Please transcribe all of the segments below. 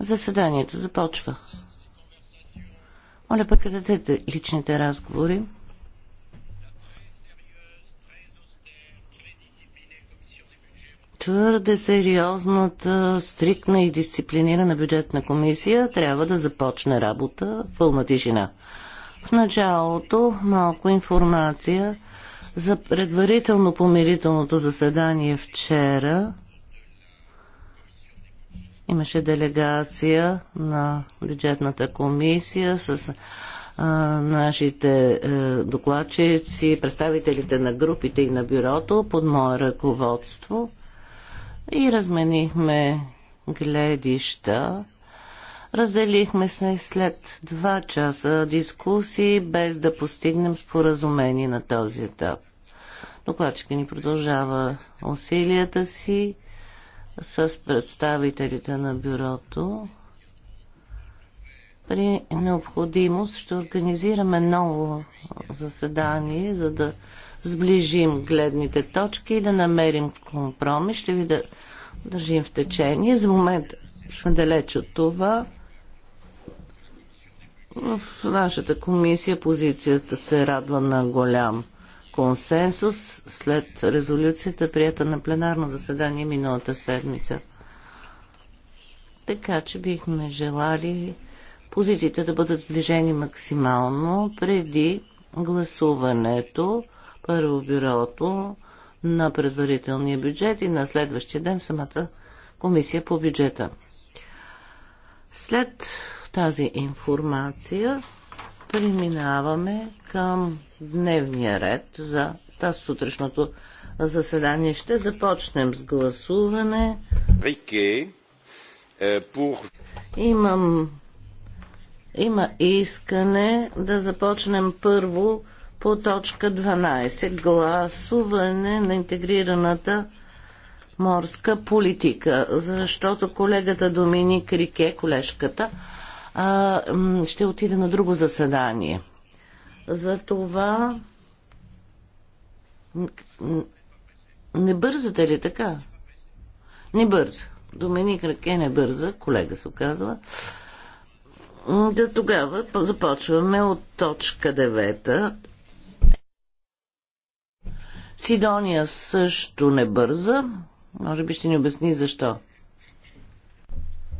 Заседанието започва. Моля, прекратете личните разговори. Твърде сериозната, стрикна и дисциплинирана бюджетна комисия трябва да започне работа в пълна тишина. В началото малко информация за предварително помирителното заседание вчера – Имаше делегация на бюджетната комисия с а, нашите а, е, докладчици, представителите на групите и на бюрото под мое ръководство и разменихме гледища. Разделихме се след два часа дискусии, без да постигнем споразумение на този етап. Докладчика ни продължава усилията си с представителите на бюрото. При необходимост ще организираме ново заседание, за да сближим гледните точки и да намерим компромис. Ще ви да държим в течение. За момент сме далеч от това. В нашата комисия позицията се радва на голям консенсус след резолюцията, прията на пленарно заседание миналата седмица. Така че бихме желали позициите да бъдат сближени максимално преди гласуването, първо бюрото на предварителния бюджет и на следващия ден самата комисия по бюджета. След тази информация Преминаваме към дневния ред за тази сутрешното заседание. Ще започнем с гласуване. Е, Имам има искане да започнем първо по точка 12 гласуване на интегрираната морска политика, защото колегата Доминик Рике, колежката, а, ще отида на друго заседание. За това не бързате ли така? Не бърза. Домени Раке не бърза, колега се оказва. Да тогава започваме от точка 9. Сидония също не бърза. Може би ще ни обясни защо.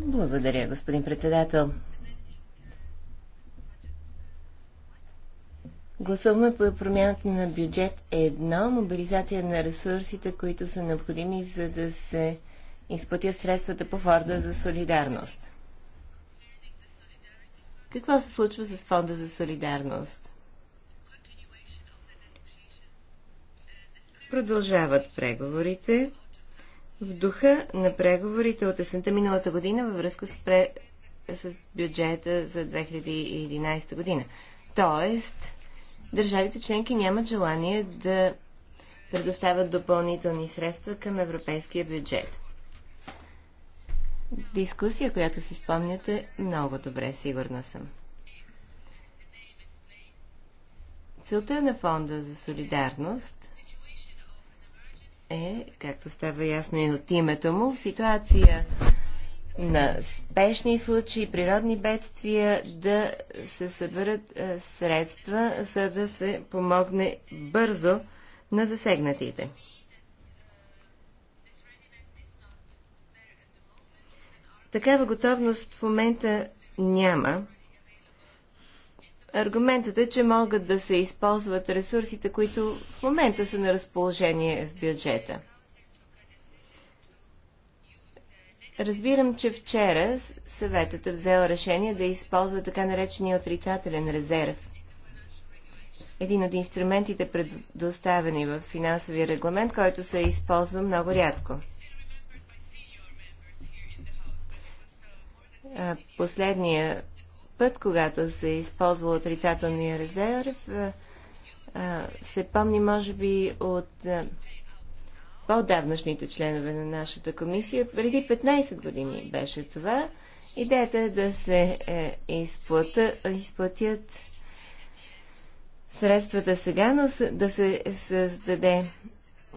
Благодаря, господин председател. Гласуваме по промяната на бюджет 1, мобилизация на ресурсите, които са необходими, за да се изплатят средствата по фонда за солидарност. Какво се случва с фонда за солидарност? Продължават преговорите в духа на преговорите от есента миналата година във връзка с, пре... с бюджета за 2011 година. Тоест, държавите членки нямат желание да предоставят допълнителни средства към европейския бюджет. Дискусия, която си спомняте много добре, сигурна съм. Целта на Фонда за солидарност е, както става ясно и от името му, в ситуация на спешни случаи, природни бедствия, да се съберат е, средства, за да се помогне бързо на засегнатите. Такава готовност в момента няма. Аргументът е, че могат да се използват ресурсите, които в момента са на разположение в бюджета – Разбирам, че вчера съветът е взел решение да използва така наречения отрицателен резерв. Един от инструментите, предоставени в финансовия регламент, който се използва много рядко. Последния път, когато се използва отрицателния резерв, се помни, може би, от по-давнашните членове на нашата комисия. Преди 15 години беше това. Идеята е да се е, изплата, изплатят средствата сега, но да се създаде,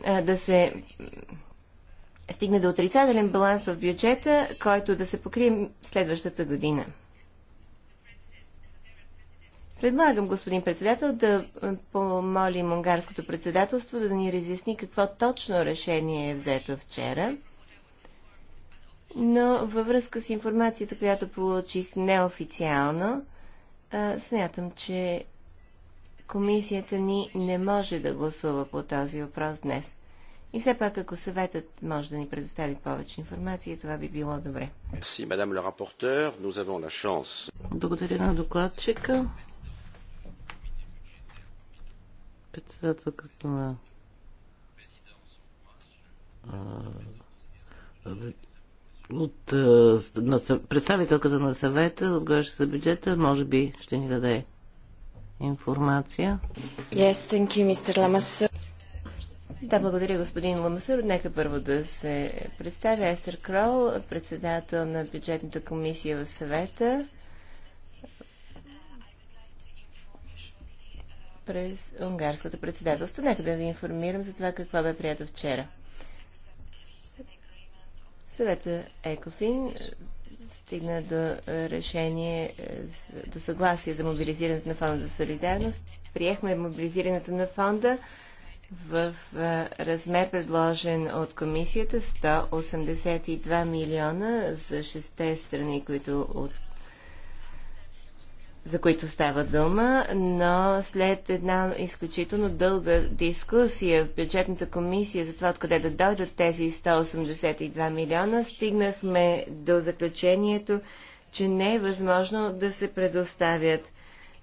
а, да се стигне до отрицателен баланс в бюджета, който да се покрие следващата година. Предлагам, господин председател, да е, помолим унгарското председателство да ни разясни какво точно решение е взето вчера. Но във връзка с информацията, която получих неофициално, е, смятам, че комисията ни не може да гласува по този въпрос днес. И все пак, ако съветът може да ни предостави повече информация, това би било добре. Благодаря на докладчика председателката на от, на, представителката на съвета, отговаряща за бюджета, може би ще ни даде информация. Yes, thank you, Mr. Да, благодаря, господин Ламасър. Нека първо да се представя Естер Крол, председател на бюджетната комисия в съвета. през унгарското председателство. Нека да ви информирам за това какво бе приятел вчера. Съвета ЕКОФИН е, стигна до решение, е, до съгласие за мобилизирането на фонда за солидарност. Приехме мобилизирането на фонда в е, размер предложен от комисията 182 милиона за шесте страни, които от за които става дума, но след една изключително дълга дискусия в бюджетната комисия за това откъде да дойдат тези 182 милиона, стигнахме до заключението, че не е възможно да се предоставят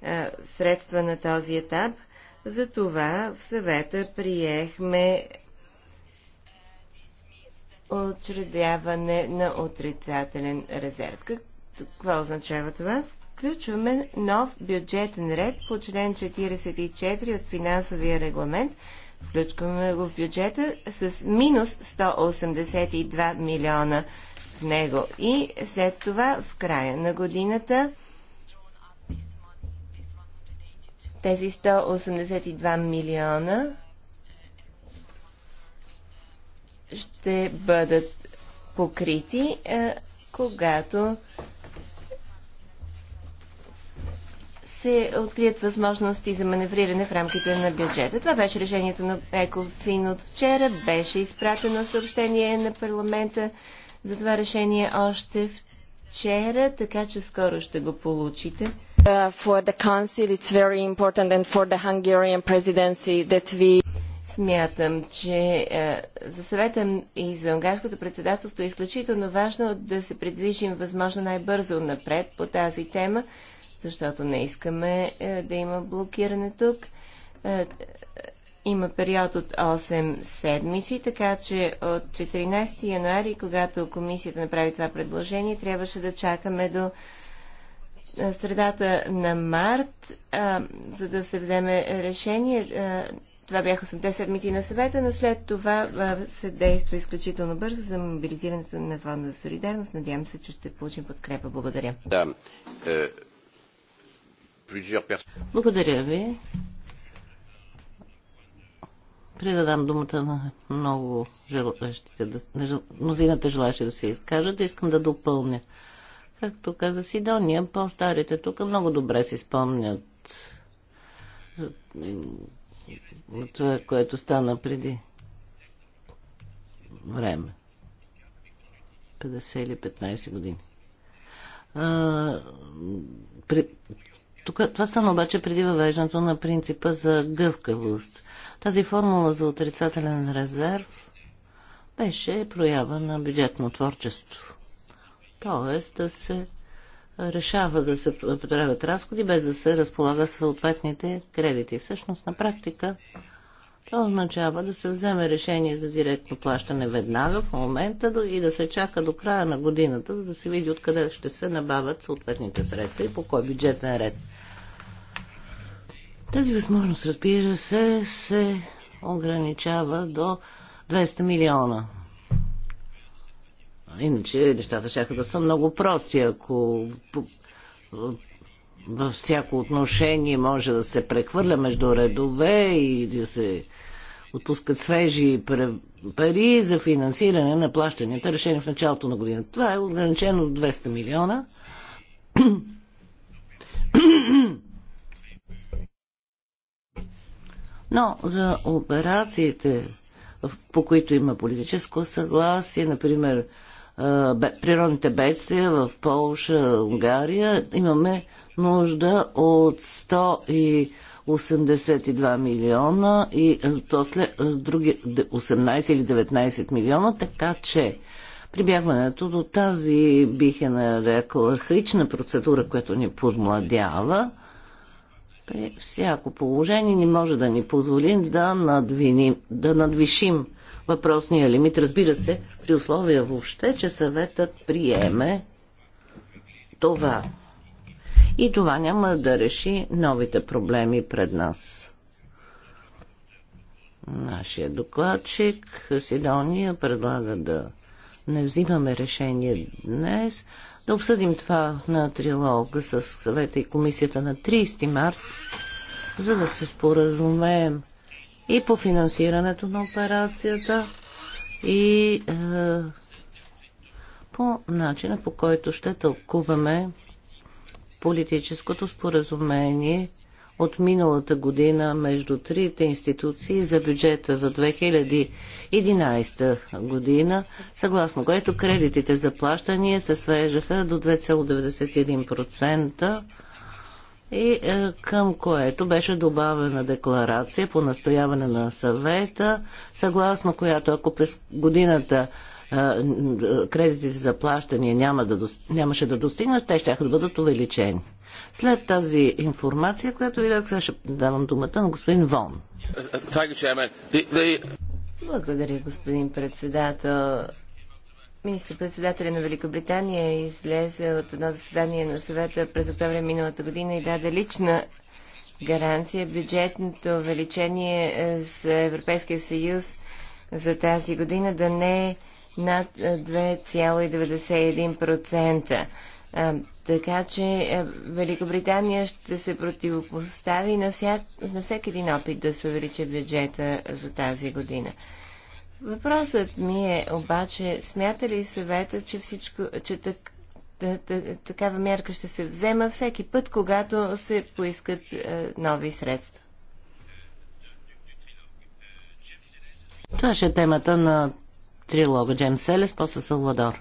а, е, средства на този етап. Затова в съвета приехме отчредяване на отрицателен резерв. Какво означава това? В включваме нов бюджетен ред по член 44 от финансовия регламент. Включваме го в бюджета с минус 182 милиона в него. И след това в края на годината тези 182 милиона ще бъдат покрити, е, когато се открият възможности за маневриране в рамките на бюджета. Това беше решението на Екофин от вчера. Беше изпратено съобщение на парламента за това решение още вчера, така че скоро ще го получите. We... Смятам, че е, за съвета и за унгарското председателство е изключително важно да се предвижим възможно най-бързо напред по тази тема, защото не искаме е, да има блокиране тук. Е, има период от 8 седмици, така че от 14 януари, когато комисията направи това предложение, трябваше да чакаме до е, средата на март, за да се вземе решение. това бяха 8 седмици на съвета, но след това се действа изключително бързо за мобилизирането на фонда за солидарност. Надявам се, че ще получим подкрепа. Благодаря. Да. Благодаря ви. Предадам думата на много желащите, на мнозината желащи да се изкажат. Искам да допълня. Както каза Сидония, по-старите тук много добре си спомнят това, което стана преди време. 50 или 15 години. А, при, тук, това стана обаче преди въвеждането на принципа за гъвкавост. Тази формула за отрицателен резерв беше проява на бюджетно творчество. Тоест да се решава да се правят разходи, без да се разполага съответните кредити. Всъщност на практика това означава да се вземе решение за директно плащане веднага, в момента и да се чака до края на годината, за да се види откъде ще се набавят съответните средства и по кой бюджетен ред. Тази възможност, разбира се, се ограничава до 200 милиона. Иначе нещата ще да са много прости, ако във всяко отношение може да се прехвърля между редове и да се отпускат свежи пари за финансиране на плащанията, решени в началото на годината. Това е ограничено до 200 милиона. Но за операциите, по които има политическо съгласие, например природните бедствия в Полша, Унгария, имаме нужда от 182 милиона и после други 18 или 19 милиона, така че прибягването до тази бих е нарекла архаична процедура, която ни подмладява, при всяко положение не може да ни позволим да, надвиним, да надвишим въпросния лимит. Разбира се, при условия въобще, че съветът приеме това и това няма да реши новите проблеми пред нас. Нашия докладчик Сидония предлага да не взимаме решение днес, да обсъдим това на трилога с съвета и комисията на 30 март, за да се споразумеем и по финансирането на операцията и е, по начина по който ще тълкуваме политическото споразумение от миналата година между трите институции за бюджета за 2011 година, съгласно което кредитите за плащания се свежаха до 2,91% и е, към което беше добавена декларация по настояване на съвета, съгласно която ако през годината кредитите за плащания няма да, нямаше да достигнат, те ще да бъдат увеличени. След тази информация, която ви дадах, ще давам думата на господин Вон. Благодаря, господин председател. Министр-председателя на Великобритания излезе от едно заседание на съвета през октомври миналата година и даде лична гаранция. Бюджетното увеличение за Европейския съюз за тази година да не е над 2,91%. Така че Великобритания ще се противопостави на, всяк, на всеки един опит да се увеличи бюджета за тази година. Въпросът ми е обаче, смята ли съвета, че, всичко, че так, такава мярка ще се взема всеки път, когато се поискат нови средства? Това ще е темата на трилога Салвадор.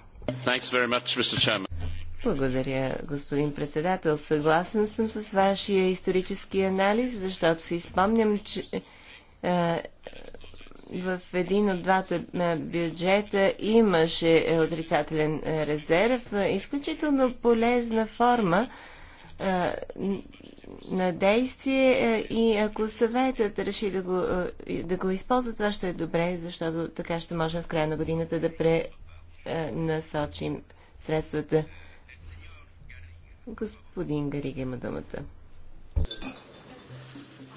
Благодаря, господин председател. Съгласен съм с вашия исторически анализ, защото си спомням, че е, в един от двата е, бюджета имаше отрицателен е, резерв. Е, изключително полезна форма на действие и ако съветът реши да го, да го използва, това ще е добре, защото така ще можем в края на годината да пренасочим средствата. Господин Гарига има думата.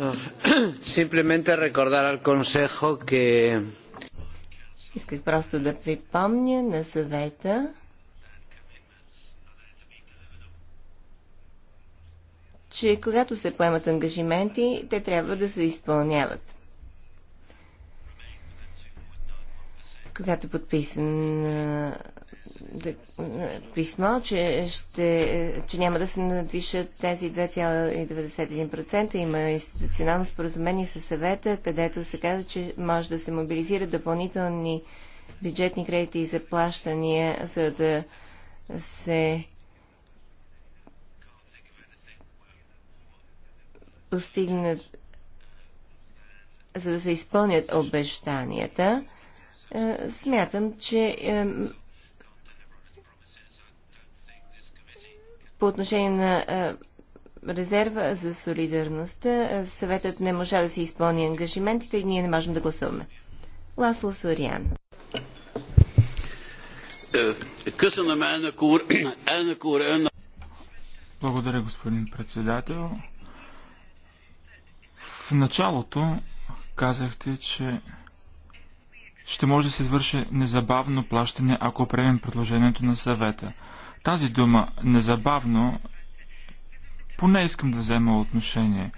Simplemente рекордар ал консехо, que... Исках просто да припомня на съвета, че когато се поемат ангажименти, те трябва да се изпълняват. Когато е подписан писмо, че, ще, че няма да се надвишат тези 2,91%. Има институционално споразумение със съвета, където се казва, че може да се мобилизират допълнителни бюджетни кредити и заплащания, за да се постигнат, за да се изпълнят обещанията, е, смятам, че е, по отношение на е, резерва за солидарността, съветът не можа да се изпълни ангажиментите и ние не можем да гласуваме. Ласло Сориан. Благодаря, господин председател. В началото казахте, че ще може да се извърши незабавно плащане, ако приемем предложението на съвета. Тази дума незабавно поне искам да взема отношение.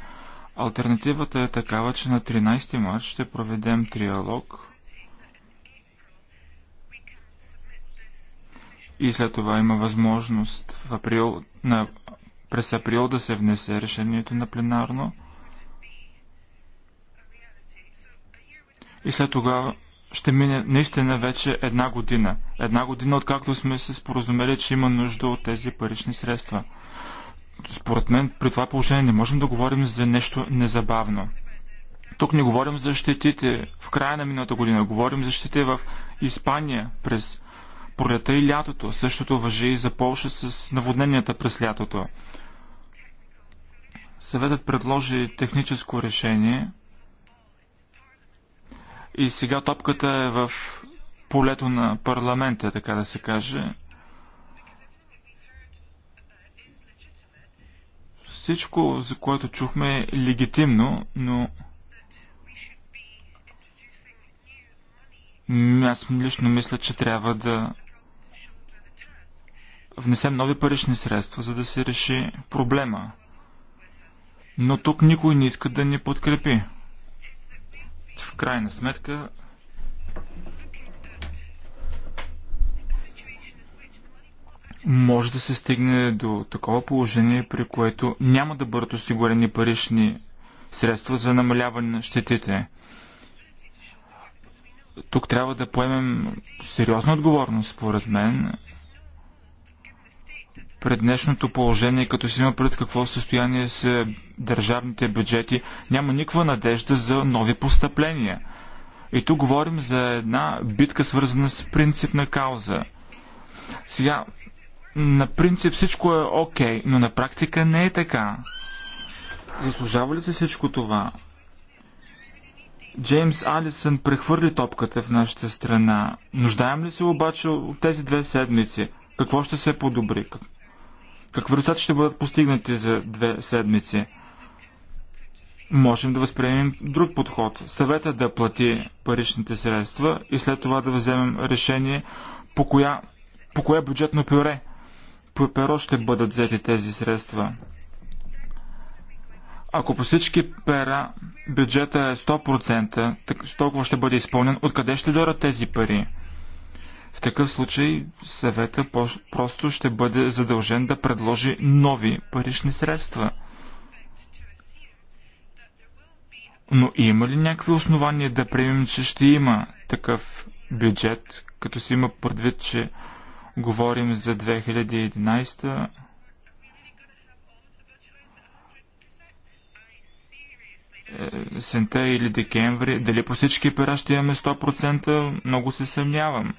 Альтернативата е такава, че на 13 марта ще проведем триалог и след това има възможност в април, на, през април да се внесе решението на пленарно. и след тогава ще мине наистина вече една година. Една година, откакто сме се споразумели, че има нужда от тези парични средства. Според мен, при това положение не можем да говорим за нещо незабавно. Тук не говорим за щетите в края на миналата година, говорим за щетите в Испания през пролета и лятото. Същото въжи и за Полша с наводненията през лятото. Съветът предложи техническо решение – и сега топката е в полето на парламента, така да се каже. Всичко, за което чухме, е легитимно, но аз лично мисля, че трябва да внесем нови парични средства, за да се реши проблема. Но тук никой не иска да ни подкрепи. В крайна сметка, може да се стигне до такова положение, при което няма да бъдат осигурени парични средства за намаляване на щетите. Тук трябва да поемем сериозна отговорност, според мен, пред днешното положение, като си има пред какво състояние са държавните бюджети, няма никаква надежда за нови постъпления. И тук говорим за една битка, свързана с принципна кауза. Сега, на принцип всичко е окей, okay, но на практика не е така. Заслужава ли се всичко това? Джеймс Алисън прехвърли топката в нашата страна. Нуждаем ли се обаче от тези две седмици? Какво ще се подобри? Какви резултати ще бъдат постигнати за две седмици? Можем да възприемем друг подход. Съвета да плати паричните средства и след това да вземем решение по, коя, по кое бюджетно пюре по перо ще бъдат взети тези средства. Ако по всички пера бюджета е 100%, толкова ще бъде изпълнен, откъде ще дойдат тези пари? В такъв случай съвета просто ще бъде задължен да предложи нови парични средства. Но има ли някакви основания да приемем, че ще има такъв бюджет, като си има предвид, че говорим за 2011 е, сента или декември, дали по всички пера ще имаме 100%, много се съмнявам.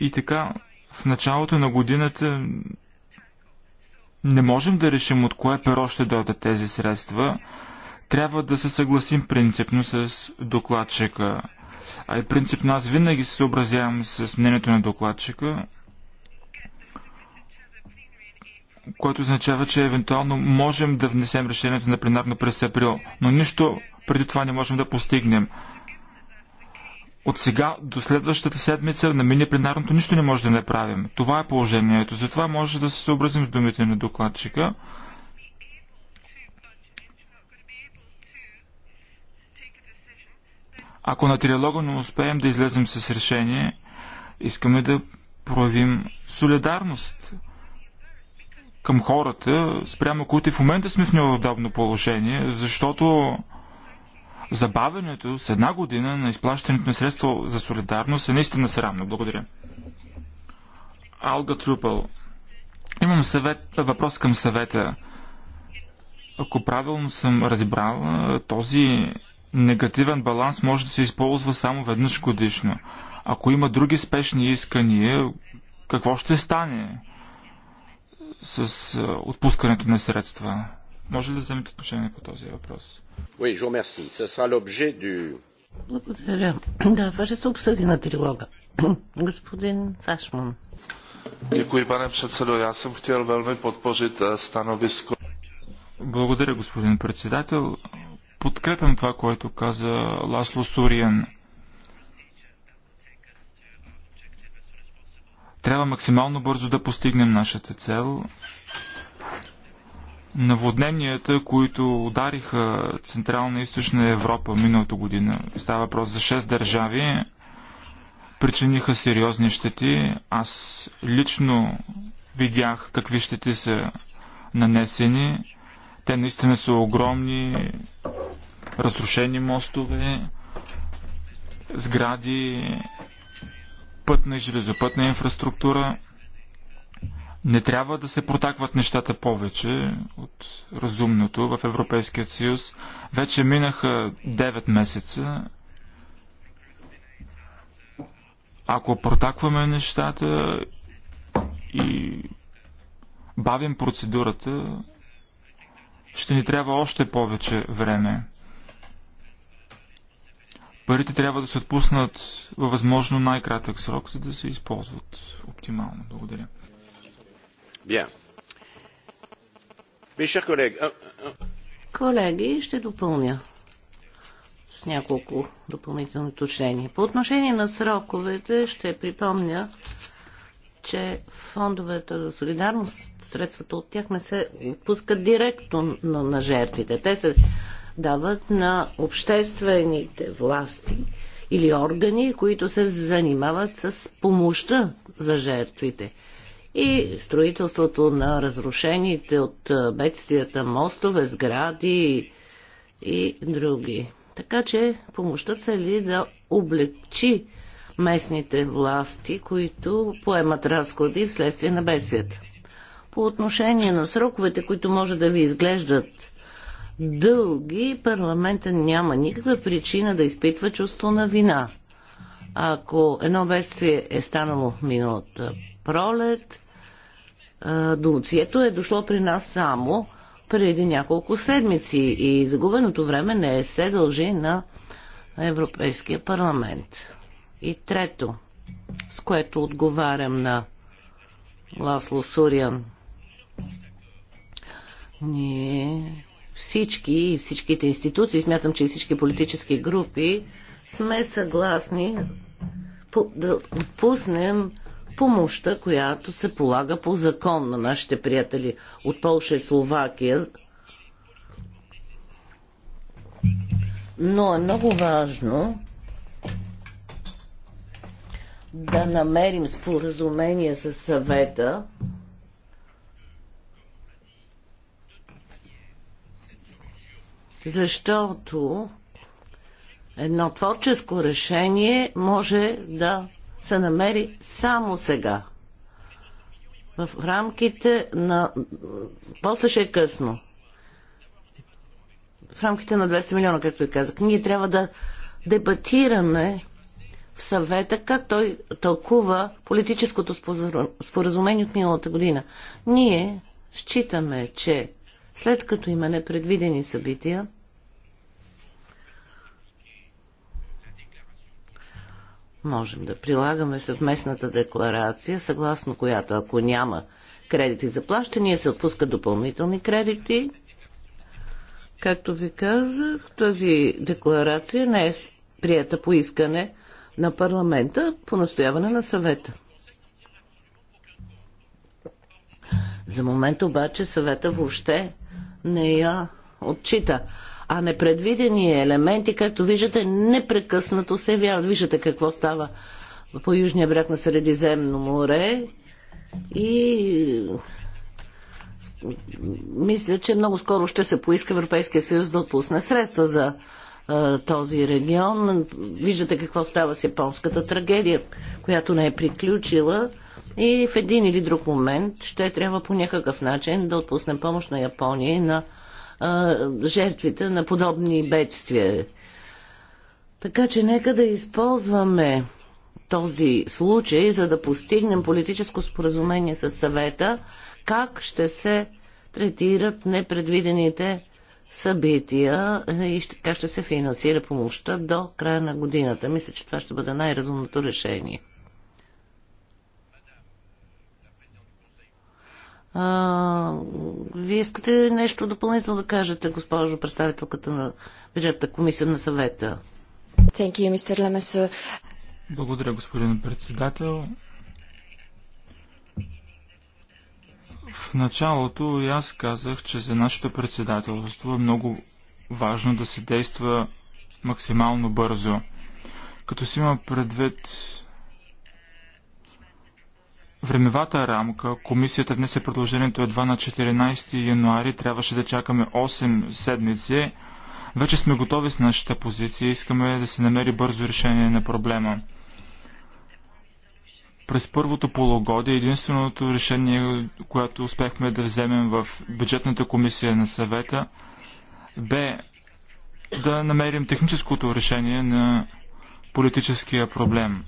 И така, в началото на годината не можем да решим от кое перо ще дойдат тези средства. Трябва да се съгласим принципно с докладчика. А и принципно аз винаги се съобразявам с мнението на докладчика, което означава, че евентуално можем да внесем решението на пленарно през април, но нищо преди това не можем да постигнем от сега до следващата седмица на мини пленарното нищо не може да направим. Това е положението. Затова може да се съобразим с думите на докладчика. Ако на триалога не успеем да излезем с решение, искаме да проявим солидарност към хората, спрямо които в момента сме в неудобно положение, защото Забавянето с една година на изплащането на средства за солидарност е наистина срамно. Благодаря. Алга Трупъл. Имам съвет, въпрос към съвета. Ако правилно съм разбрал, този негативен баланс може да се използва само веднъж годишно. Ако има други спешни искания, какво ще стане с е, отпускането на средства? Може ли да вземете отношение по този въпрос? Oui, je vous remercie. Ce sera l'objet du... Благодаря. Да, това се обсъди на трилога. Господин Фашман. Děkuji, pane předsedo. Já jsem chtěl velmi podpořit eh, stanovisko. Благодаря, господин председател. Подкрепям това, което каза Ласло Суриен. Трябва максимално бързо да постигнем нашата цел наводненията, които удариха Централна и Източна Европа миналото година. Става въпрос за 6 държави. Причиниха сериозни щети. Аз лично видях какви щети са нанесени. Те наистина са огромни. Разрушени мостове, сгради, пътна и железопътна инфраструктура – не трябва да се протакват нещата повече от разумното в Европейският съюз. Вече минаха 9 месеца. Ако протакваме нещата и бавим процедурата, ще ни трябва още повече време. Парите трябва да се отпуснат във възможно най-кратък срок, за да се използват оптимално. Благодаря. Колеги, ще допълня с няколко допълнителни уточнения. По отношение на сроковете ще припомня, че фондовете за солидарност, средствата от тях не се отпускат директно на, на жертвите. Те се дават на обществените власти или органи, които се занимават с помощта за жертвите и строителството на разрушените от бедствията мостове, сгради и други. Така че помощта цели да облегчи местните власти, които поемат разходи вследствие на бедствията. По отношение на сроковете, които може да ви изглеждат дълги, парламента няма никаква причина да изпитва чувство на вина. Ако едно бедствие е станало миналата пролет, Доуцието е дошло при нас само преди няколко седмици и загубеното време не се дължи на Европейския парламент. И трето, с което отговарям на Ласло Суриан. Ние всички и всичките институции, смятам, че и всички политически групи сме съгласни да отпуснем помощта, която се полага по закон на нашите приятели от Полша и Словакия. Но е много важно да намерим споразумение с съвета, защото едно творческо решение може да се намери само сега. В рамките на... После ще е късно. В рамките на 200 милиона, както и казах. Ние трябва да дебатираме в съвета как той тълкува политическото споразумение от миналата година. Ние считаме, че след като има непредвидени събития, можем да прилагаме съвместната декларация, съгласно която ако няма кредити за плащания, се отпускат допълнителни кредити. Както ви казах, тази декларация не е прията по искане на парламента по настояване на съвета. За момент обаче съвета въобще не я отчита а непредвидени елементи, както виждате, непрекъснато се явяват. Виждате какво става по южния бряг на Средиземно море и мисля, че много скоро ще се поиска Европейския съюз да отпусне средства за този регион. Виждате какво става с японската трагедия, която не е приключила и в един или друг момент ще трябва по някакъв начин да отпуснем помощ на Япония и на а, жертвите на подобни бедствия. Така че нека да използваме този случай, за да постигнем политическо споразумение с съвета, как ще се третират непредвидените събития и как ще се финансира помощта до края на годината. Мисля, че това ще бъде най-разумното решение. А, вие искате нещо допълнително да кажете, госпожо представителката на бюджетната комисия на съвета? Thank you, Mr. Благодаря, господин председател. В началото и аз казах, че за нашето председателство е много важно да се действа максимално бързо. Като си има предвид времевата рамка, комисията внесе предложението едва на 14 януари, трябваше да чакаме 8 седмици. Вече сме готови с нашата позиция и искаме да се намери бързо решение на проблема. През първото полугодие единственото решение, което успяхме да вземем в бюджетната комисия на съвета, бе да намерим техническото решение на политическия проблем.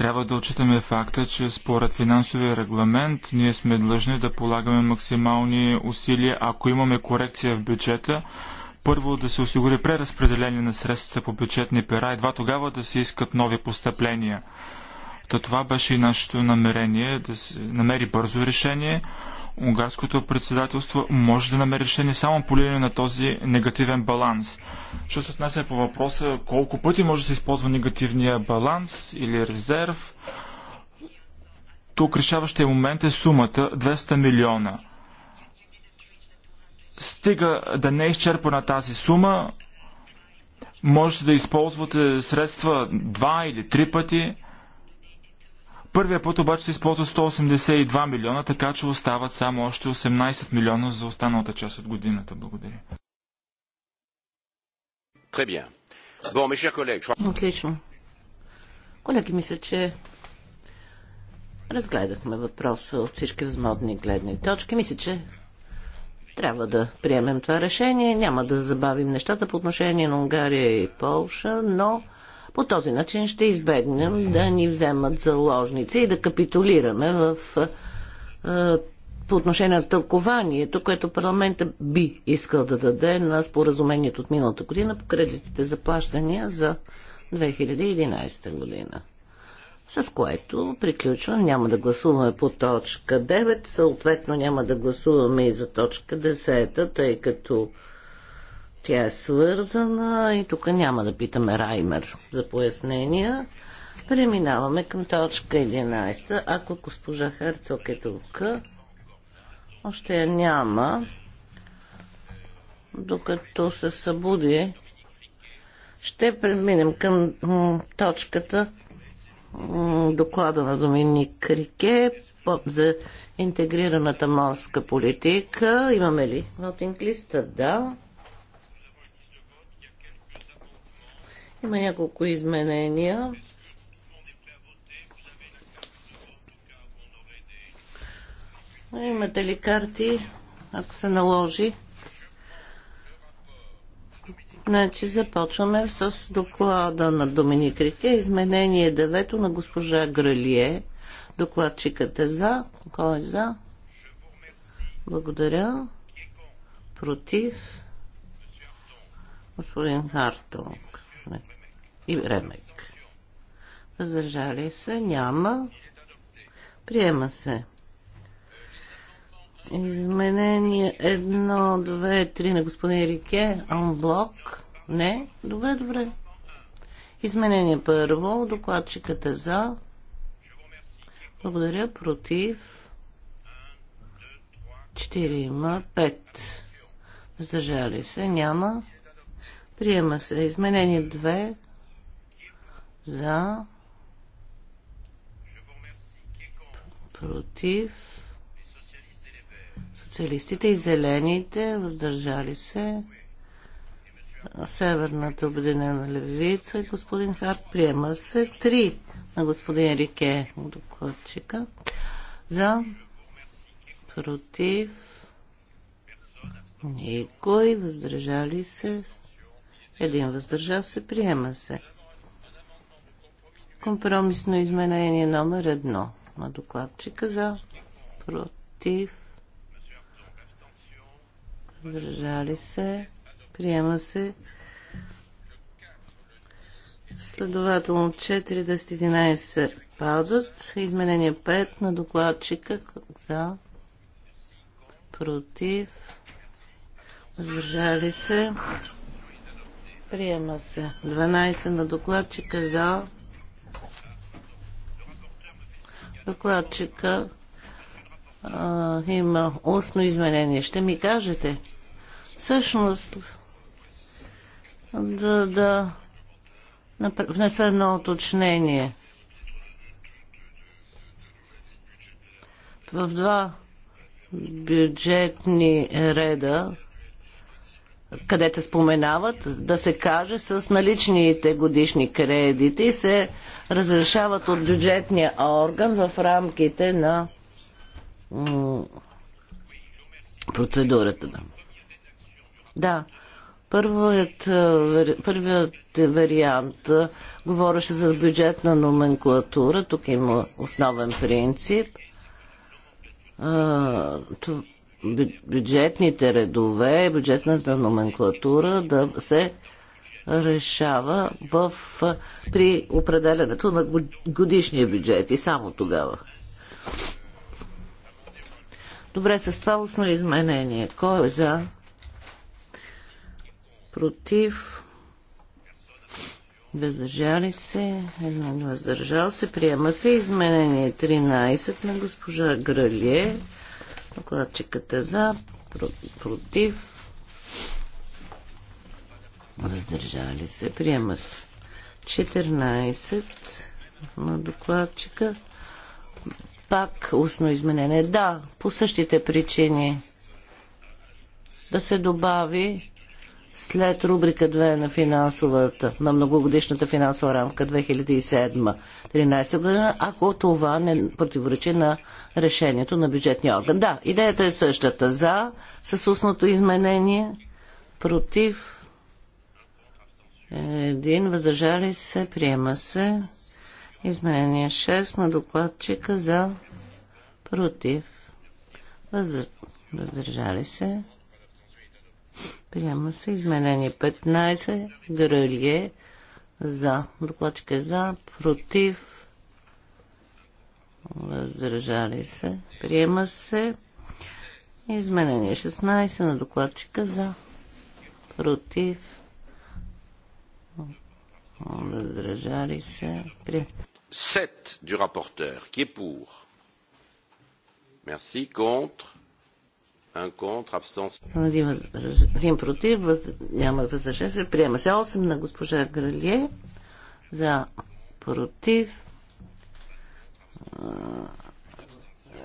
Трябва да отчитаме факта, че според финансовия регламент ние сме длъжни да полагаме максимални усилия, ако имаме корекция в бюджета. Първо да се осигури преразпределение на средствата по бюджетни пера, едва тогава да се искат нови постъпления. Та това беше и нашето намерение да се намери бързо решение. Унгарското председателство може да намери решение само по линия на този негативен баланс. Що се отнася по въпроса колко пъти може да се използва негативния баланс или резерв, тук решаващия момент е сумата 200 милиона. Стига да не е изчерпана тази сума, можете да използвате средства два или три пъти – Първия път обаче се използва 182 милиона, така че остават само още 18 милиона за останалата част от годината. Благодаря. Отлично. Колеги, мисля, че разгледахме въпроса от всички възможни гледни точки. Мисля, че трябва да приемем това решение. Няма да забавим нещата по отношение на Унгария и Полша, но по този начин ще избегнем да ни вземат заложници и да капитулираме в, по отношение на тълкованието, което парламента би искал да даде на споразумението от миналата година по кредитите за плащания за 2011 година. С което приключвам. Няма да гласуваме по точка 9, съответно няма да гласуваме и за точка 10, тъй като тя е свързана и тук няма да питаме Раймер за пояснения. Преминаваме към точка 11. Ако госпожа Херцог е тук, още я няма. Докато се събуди, ще преминем към точката доклада на Доминик Рике за интегрираната морска политика. Имаме ли нотинг листа? Да. Има няколко изменения. Имате ли карти, ако се наложи? Значи започваме с доклада на Доминик Рике, изменение 9 на госпожа Гралие. Докладчикът е за. Кой е за? Благодаря. Против. Господин Хартон. Не. И Ремек. Въздържали се? Няма. Приема се. Изменение 1, 2, 3 на господин Рике. Анблок. Не? Добре, добре. Изменение първо. Докладчикът е за. Благодаря. Против. 4 има. 5. Въздържали се. Няма. Приема се. Изменение 2. За. Против. Социалистите и зелените въздържали се. Северната обединена левица и господин Харт приема се. Три на господин Рике, докладчика. За. Против. Никой. Въздържали се един въздържал се, приема се. Компромисно изменение номер едно на докладчика за против въздържали се, приема се. Следователно 4, 11 падат. Изменение 5 на докладчика за против въздържали се. Приема се. 12 на докладчика за. Докладчика а, има устно изменение. Ще ми кажете. Всъщност, да, да внеса едно уточнение. В два бюджетни реда където споменават, да се каже с наличните годишни кредити се разрешават от бюджетния орган в рамките на процедурата. Да. Първият, е, първият е вариант е, говореше за бюджетна номенклатура. Тук има основен принцип бюджетните редове, бюджетната номенклатура да се решава в, при определянето на годишния бюджет и само тогава. Добре, с това устно изменение. Кой е за? Против? Въздържали се? Едно не въздържал се. Приема се изменение 13 на госпожа Гралие. Докладчиката е за, против, въздържали се, приема се. 14 на докладчика. Пак устно изменение. Да, по същите причини да се добави след рубрика 2 на финансовата, на многогодишната финансова рамка 2007-13 година, ако това не противоречи на решението на бюджетния орган. Да, идеята е същата. За, с устното изменение, против, един, въздържали се, приема се. Изменение 6 на докладчика за, против, въздържали се. Приема се изменение 15. Грълие за. Докладчик е за. Против. Въздържали се. Приема се. Изменение 16 на докладчика за. Против. Въздържали се. Приема. 7 du rapporteur. Qui est pour? Merci. Contre? Един против, въз... няма въздържане, се. Приема се 8 на госпожа Гралие за против.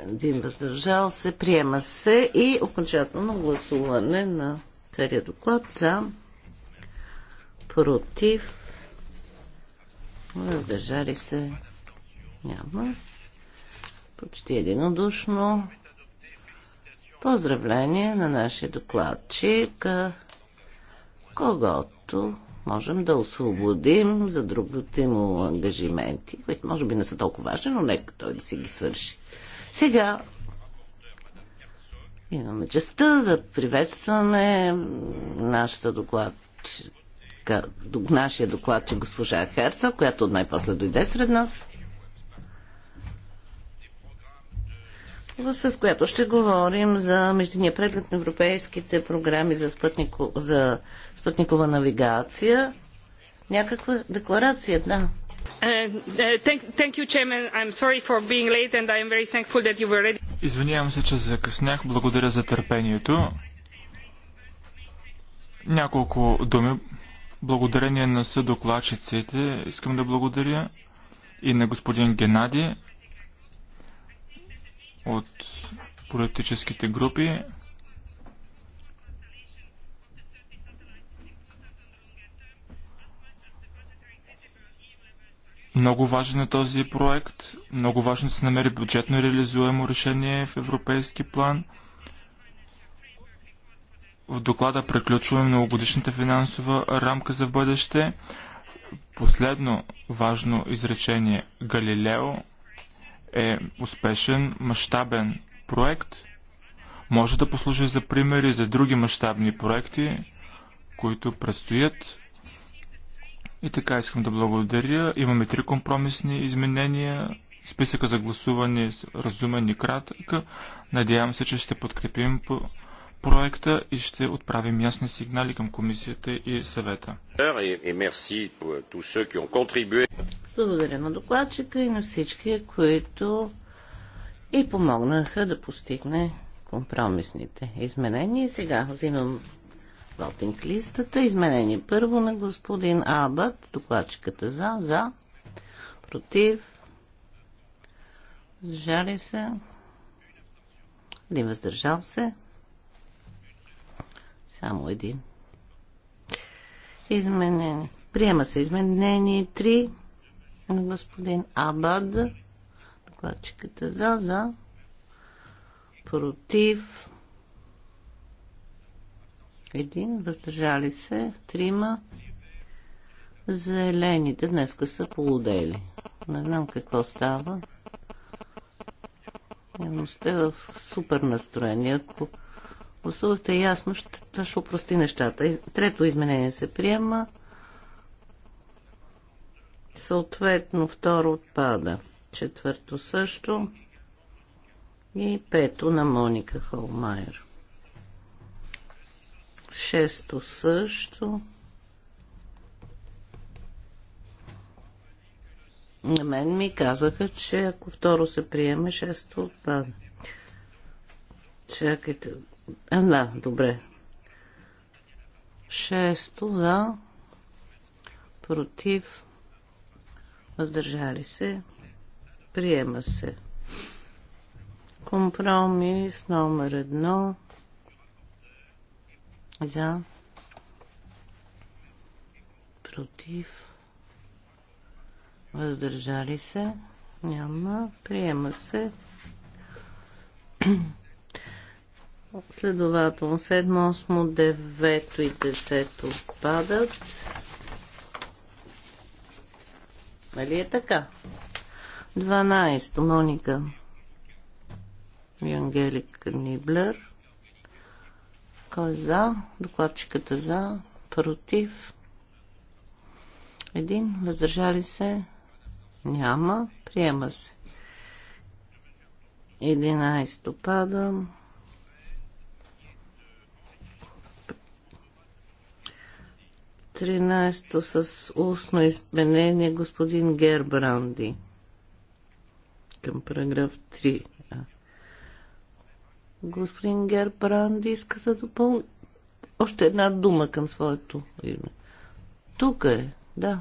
Един въздържал се. Приема се и окончателно гласуване на целия доклад за против. Въздържали се. Няма. Почти единодушно. Поздравление на нашия докладчик, когото можем да освободим за другите му ангажименти, които може би не са толкова важни, но нека той да си ги свърши. Сега имаме честа да приветстваме нашата доклад, нашия докладчик госпожа Херцог, която най-после дойде сред нас. с която ще говорим за междинния преглед на европейските програми за, спътнико, за спътникова навигация. Някаква декларация, да. Uh, uh, Извинявам се, че закъснях. Благодаря за търпението. Няколко думи. Благодарение на съдокладчиците искам да благодаря и на господин Геннади от политическите групи. Много важен е този проект. Много важно се намери бюджетно реализуемо решение в европейски план. В доклада приключваме многогодишната финансова рамка за бъдеще. Последно важно изречение Галилео е успешен, мащабен проект. Може да послужи за примери за други мащабни проекти, които предстоят. И така искам да благодаря. Имаме три компромисни изменения. Списъка за гласуване е разумен и кратък. Надявам се, че ще подкрепим по проекта и ще отправим ясни сигнали към комисията и съвета. Благодаря на докладчика и на всички, които и помогнаха да постигне компромисните изменения. Сега взимам Валтинг листата. Изменение първо на господин Абът, докладчиката за, за, против, жали се, един въздържал се. Само един. Изменение. Приема се изменение 3 на господин Абад. Докладчиката е за, за, против, един, въздържали се, трима. Зелените днеска са полудели. Не знам какво става. Явно сте в супер настроение. Ако гласувахте ясно, ще, ще упрости нещата. Трето изменение се приема. Съответно, второ отпада. Четвърто също. И пето на Моника Холмайер. Шесто също. На мен ми казаха, че ако второ се приеме, шесто отпада. Чакайте, а, да, добре. Шесто за. Против. Въздържали се. Приема се. Компромис номер едно. За. Против. Въздържали се. Няма. Приема се. Следователно 7, 8, 9 и 10 отпадат. Нали е така? 12. Моника и Ангелик Ниблер. Кой е за? Докладчиката е за. Против. Един. Въздържали се? Няма. Приема се. 11 пада. 13 с устно изменение господин Гербранди към параграф 3. Господин Гербранди иска да допълни още една дума към своето име. Тук е, да.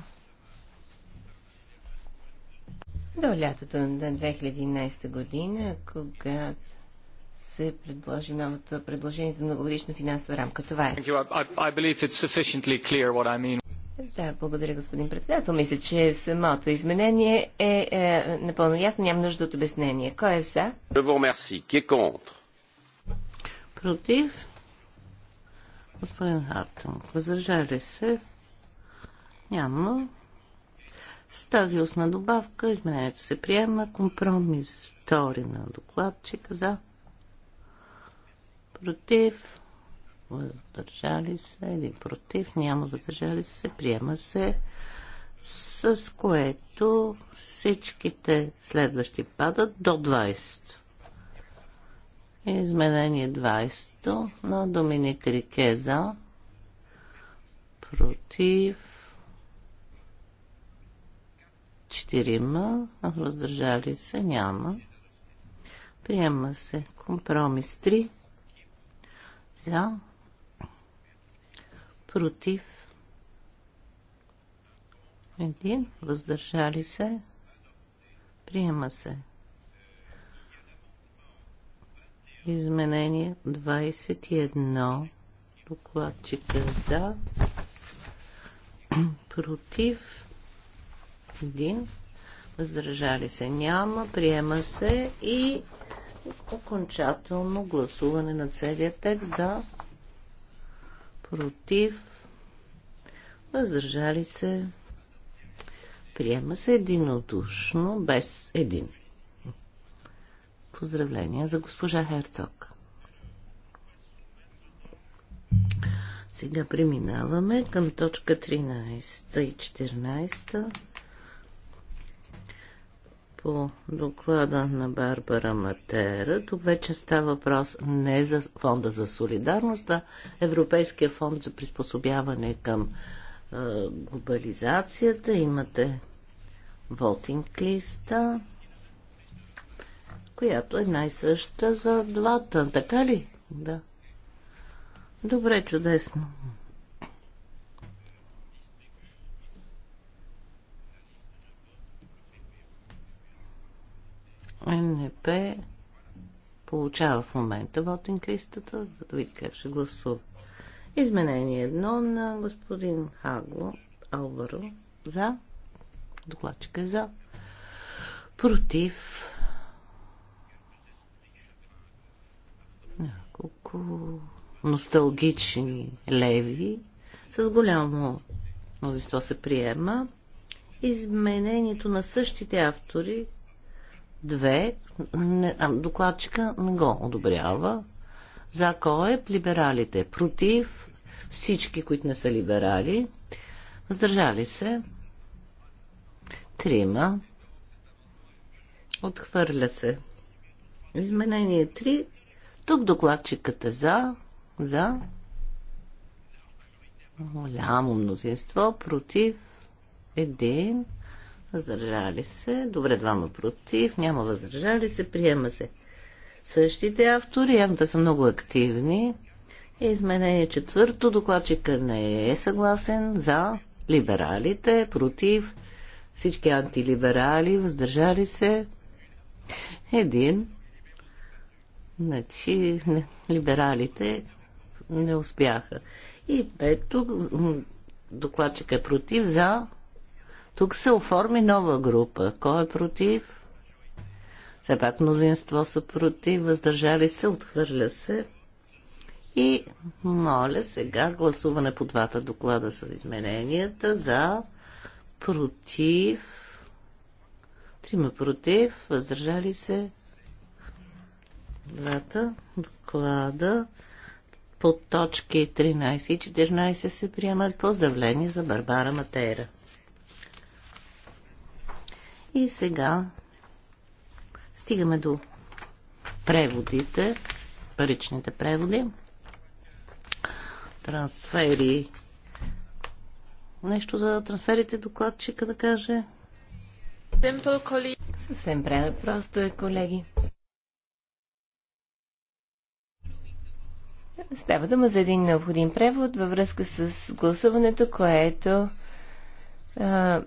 До лятото на 2011 година, когато се предложи новото предложение за многогодишна финансова рамка. Това е. Да, благодаря, господин председател. Мисля, че самото изменение е, е напълно ясно. Няма нужда от обяснение. Кой е за? Против? Господин Хартън, възражали се? Няма. С тази устна добавка изменението се приема. Компромис втори на докладчика за против, въздържали се, или против, няма въздържали се, приема се, с което всичките следващи падат до 20. Изменение 20 на Доминик Рикеза против 4, въздържали се няма. Приема се компромис 3 за. Против. Един. Въздържали се. Приема се. Изменение 21. Докладчика е за. Против. Един. Въздържали се няма. Приема се и окончателно гласуване на целия текст за против въздържали се приема се единодушно без един. Поздравления за госпожа Херцог. Сега преминаваме към точка 13 и 14 по доклада на Барбара Матера. Тук вече става въпрос не за фонда за солидарност, а Европейския фонд за приспособяване към е, глобализацията. Имате вотинг листа, която е най-съща за двата. Така ли? Да. Добре, чудесно. НП получава в момента вотинг листата, за да види как ще гласува. Изменение едно на господин Хагло Алваро за. Докладчика е за. Против. Няколко носталгични леви. С голямо мнозинство се приема. Изменението на същите автори Две, докладчика не го одобрява. За кой? Е? Либералите. Против всички, които не са либерали. Въздържали се. Трима. Отхвърля се. Изменение три. Тук докладчикът е за. За. Голямо мнозинство. Против. Един. Въздържали се. Добре, двама против. Няма въздържали се. Приема се. Същите автори явно да са много активни. Изменение четвърто. Докладчика не е съгласен. За. Либералите. Против. Всички антилиберали. Въздържали се. Един. Значи, не, либералите не успяха. И пето. Докладчика е против. За. Тук се оформи нова група. Кой е против? Все пак мнозинство са против, въздържали се, отхвърля се. И моля сега гласуване по двата доклада с измененията за против. Трима против, въздържали се. Двата доклада по точки 13 и 14 се приемат поздравления за Барбара Матера. И сега стигаме до преводите, паричните преводи, трансфери. Нещо за трансферите докладчика да каже. Съвсем просто е, колеги. Става дума за един необходим превод във връзка с гласуването, което а,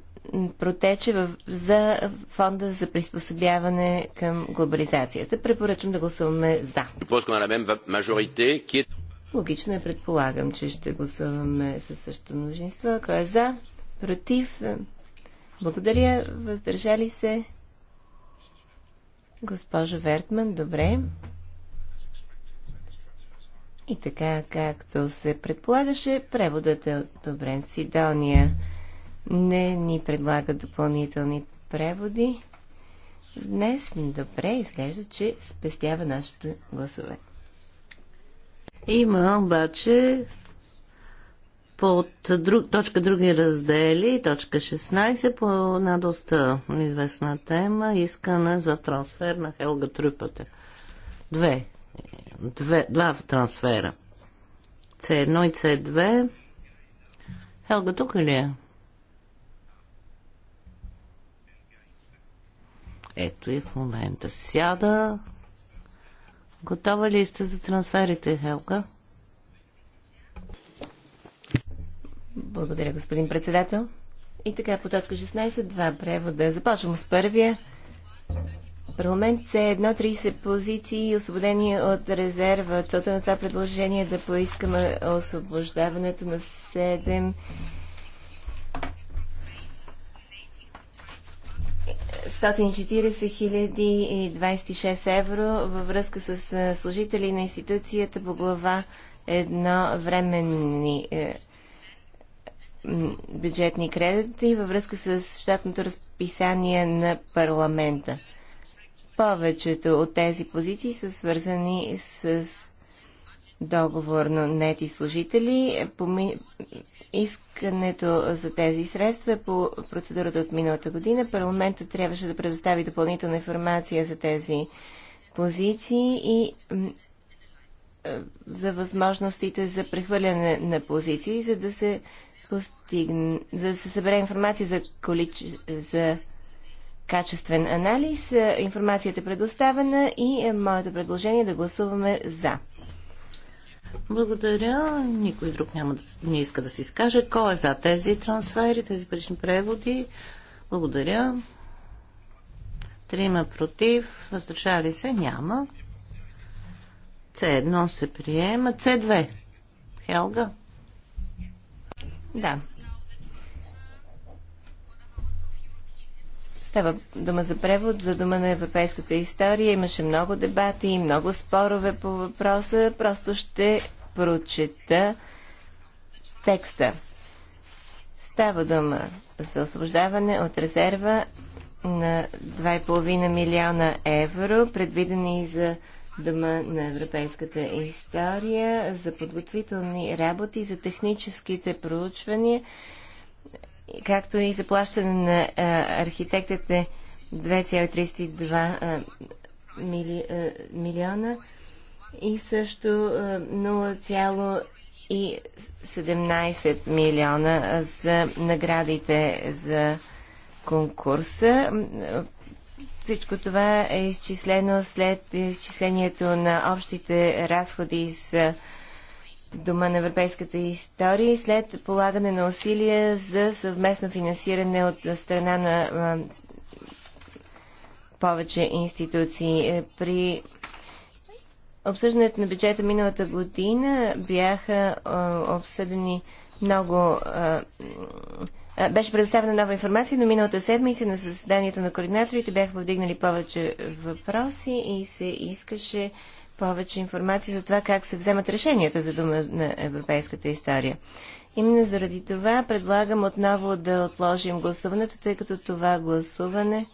протече в, за фонда за приспособяване към глобализацията. Препоръчвам да гласуваме за. Логично е, предполагам, че ще гласуваме със същото множество. Ако е за, против, благодаря, въздържали се. Госпожо Вертман, добре. И така, както се предполагаше, преводът е добре. Сидония не ни предлага допълнителни преводи. Днес добре изглежда, че спестява нашите гласове. Има обаче под друг, точка други раздели, точка 16 по една доста известна тема, искане за трансфер на Хелга Трюпата. Две. Две, два трансфера. с 1 и с 2 Хелга тук ли е? Ето и в момента сяда. Готова ли сте за трансферите, Хелка? Благодаря, господин председател. И така, по точка 16, два превода. Започвам с първия. Парламент c 30 позиции, освободени от резерва. Целта на това предложение е да поискаме освобождаването на 7 140 026 евро във връзка с служители на институцията по глава едно временни е, бюджетни кредити във връзка с щатното разписание на парламента. Повечето от тези позиции са свързани с договорно нети служители. Искането за тези средства е по процедурата от миналата година. Парламентът трябваше да предостави допълнителна информация за тези позиции и е, за възможностите за прехвърляне на позиции, за да се постигне, за да се събере информация за, количе, за качествен анализ. Е, информацията е предоставена и е, моето предложение да гласуваме за. Благодаря. Никой друг няма да, не иска да се изкаже. Кой е за тези трансфери, тези парични преводи? Благодаря. Трима против. Въздържали се? Няма. С1 се приема. С2. Хелга? Да. Става дума за превод за дума на европейската история. Имаше много дебати и много спорове по въпроса. Просто ще прочета текста. Става дума за освобождаване от резерва на 2,5 милиона евро, предвидени за Дома на европейската история, за подготвителни работи, за техническите проучвания както и заплащане на архитектите 2,32 мили, милиона и също 0,17 милиона за наградите за конкурса. Всичко това е изчислено след изчислението на общите разходи за Дома на европейската история след полагане на усилия за съвместно финансиране от страна на повече институции. Е, при обсъждането на бюджета миналата година бяха обсъдени много. беше предоставена нова информация, но миналата седмица на заседанието на координаторите бяха повдигнали повече въпроси и се искаше повече информация за това как се вземат решенията за дума на европейската история. Именно заради това предлагам отново да отложим гласуването, тъй като това гласуване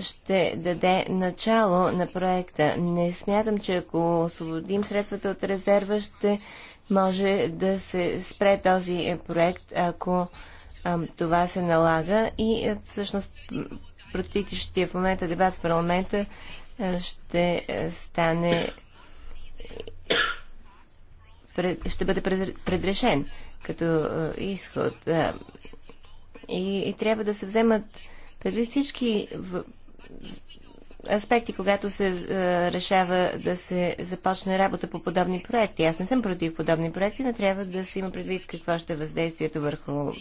ще даде начало на проекта. Не смятам, че ако освободим средствата от резерва, ще може да се спре този е, проект, ако това се налага и е, всъщност протичащия в момента дебат в парламента ще стане ще бъде предрешен като изход. И, и трябва да се вземат преди всички аспекти, когато се решава да се започне работа по подобни проекти. Аз не съм против подобни проекти, но трябва да се има предвид какво ще е въздействието върху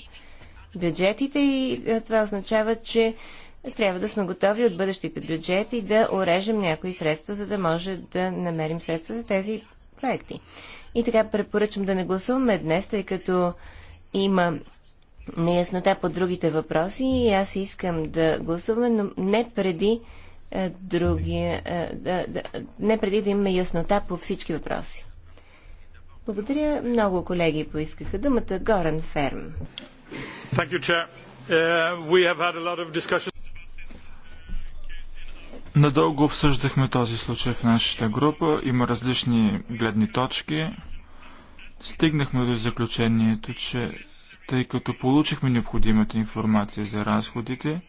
бюджетите и това означава, че е, трябва да сме готови от бъдещите бюджети да орежем някои средства, за да може да намерим средства за тези проекти. И така препоръчвам да не гласуваме днес, тъй като има неяснота по другите въпроси и аз искам да гласуваме, но не преди а, е, други, а, е, да, да, не преди да имаме яснота по всички въпроси. Благодаря. Много колеги поискаха думата. Горен Ферм. Thank you, Chair. Uh, we have had a lot of discussion. Надълго обсъждахме този случай в нашата група. Има различни гледни точки. Стигнахме до заключението, че тъй като получихме необходимата информация за разходите,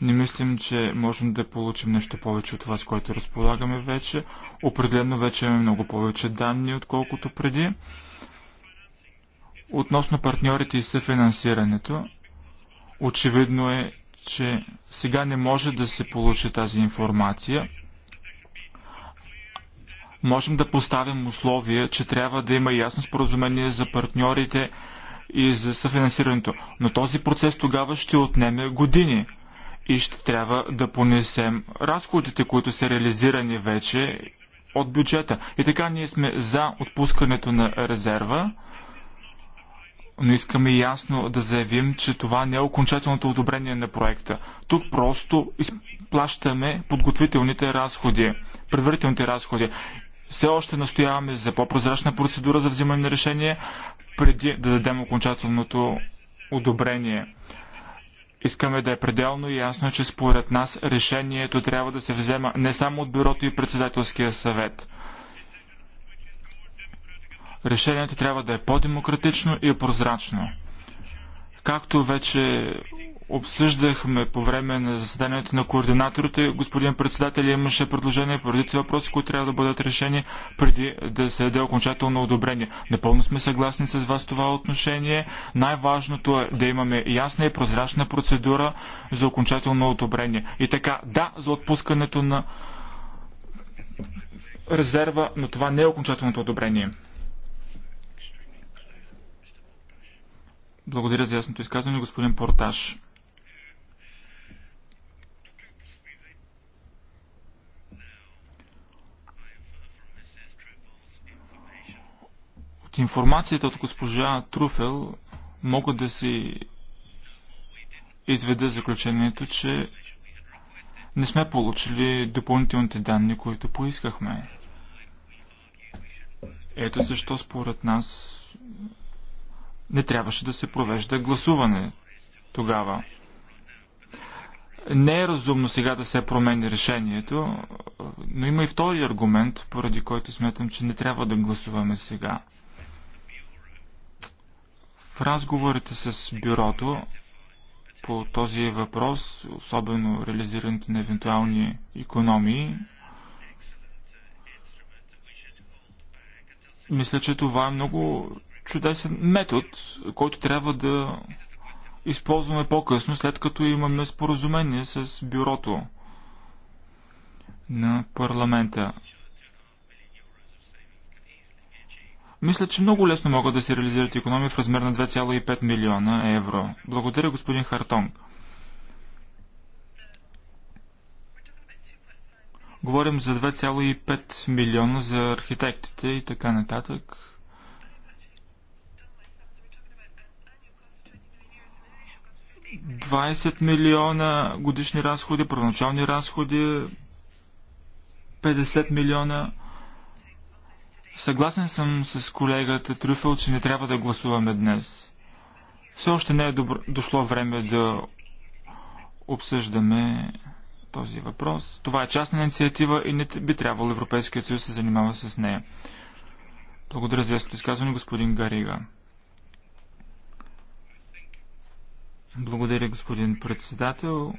не мислим, че можем да получим нещо повече от вас, което разполагаме вече. Определено вече имаме много повече данни, отколкото преди. Относно партньорите и съфинансирането, очевидно е, че сега не може да се получи тази информация. Можем да поставим условия, че трябва да има ясно споразумение за партньорите и за съфинансирането. Но този процес тогава ще отнеме години и ще трябва да понесем разходите, които са реализирани вече от бюджета. И така ние сме за отпускането на резерва но искаме ясно да заявим, че това не е окончателното одобрение на проекта. Тук просто плащаме подготвителните разходи, предварителните разходи. Все още настояваме за по-прозрачна процедура за взимане на решение, преди да дадем окончателното одобрение. Искаме да е пределно и ясно, че според нас решението трябва да се взема не само от бюрото и председателския съвет – решението трябва да е по-демократично и прозрачно. Както вече обсъждахме по време на заседанието на координаторите, господин председател имаше предложение по редица въпроси, които трябва да бъдат решени преди да се даде окончателно одобрение. Напълно сме съгласни с вас това отношение. Най-важното е да имаме ясна и прозрачна процедура за окончателно одобрение. И така, да, за отпускането на резерва, но това не е окончателното одобрение. Благодаря за ясното изказване, господин Порташ. От информацията от госпожа Труфел мога да си изведа заключението, че не сме получили допълнителните данни, които поискахме. Ето защо според нас не трябваше да се провежда гласуване тогава. Не е разумно сега да се промени решението, но има и втори аргумент, поради който смятам, че не трябва да гласуваме сега. В разговорите с бюрото по този въпрос, особено реализирането на евентуални економии, мисля, че това е много чудесен метод, който трябва да използваме по-късно, след като имаме споразумение с бюрото на парламента. Мисля, че много лесно могат да се реализират економии в размер на 2,5 милиона евро. Благодаря, господин Хартонг. Говорим за 2,5 милиона за архитектите и така нататък. 20 милиона годишни разходи, първоначални разходи, 50 милиона. Съгласен съм с колегата Трюфел, че не трябва да гласуваме днес. Все още не е добро, дошло време да обсъждаме този въпрос. Това е частна инициатива и не би трябвало Европейския съюз се занимава с нея. Благодаря за ясното изказване, господин Гарига. Благодаря, господин председател.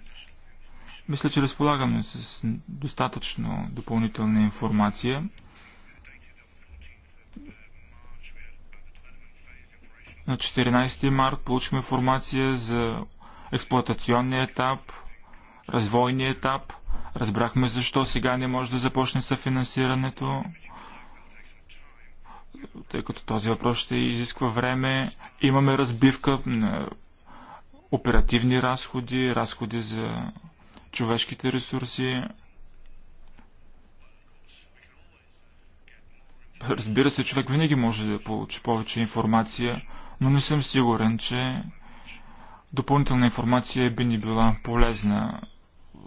Мисля, че разполагаме с достатъчно допълнителна информация. На 14 март получихме информация за експлуатационния етап, развойния етап. Разбрахме защо сега не може да започне съфинансирането, тъй като този въпрос ще изисква време. Имаме разбивка на оперативни разходи, разходи за човешките ресурси. Разбира се, човек винаги може да получи повече информация, но не съм сигурен, че допълнителна информация би ни била полезна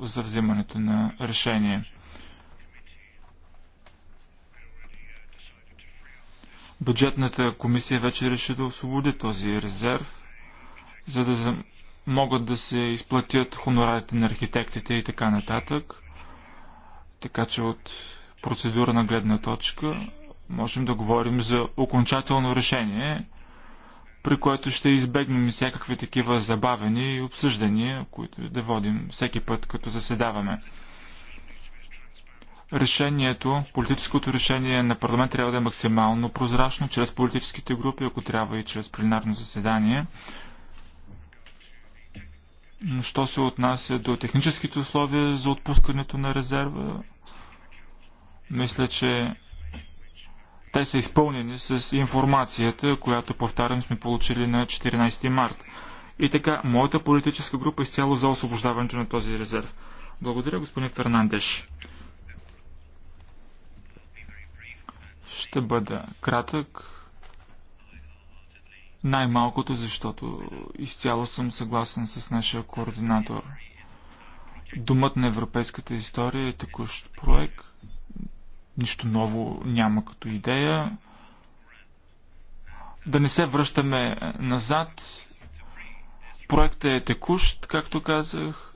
за вземането на решение. Бюджетната комисия вече реши да освободи този резерв – за да могат да се изплатят хонорарите на архитектите и така нататък. Така че от процедура на гледна точка можем да говорим за окончателно решение, при което ще избегнем всякакви такива забавени и обсъждания, които да водим всеки път, като заседаваме. Решението, политическото решение на парламент трябва да е максимално прозрачно, чрез политическите групи, ако трябва и чрез пленарно заседание, що се отнася до техническите условия за отпускането на резерва, мисля, че те са изпълнени с информацията, която, повтарям, сме получили на 14 март. И така, моята политическа група е изцяло за освобождаването на този резерв. Благодаря, господин Фернандеш. Ще бъда кратък. Най-малкото, защото изцяло съм съгласен с нашия координатор. Думът на европейската история е текущ проект. Нищо ново няма като идея. Да не се връщаме назад. Проектът е текущ, както казах.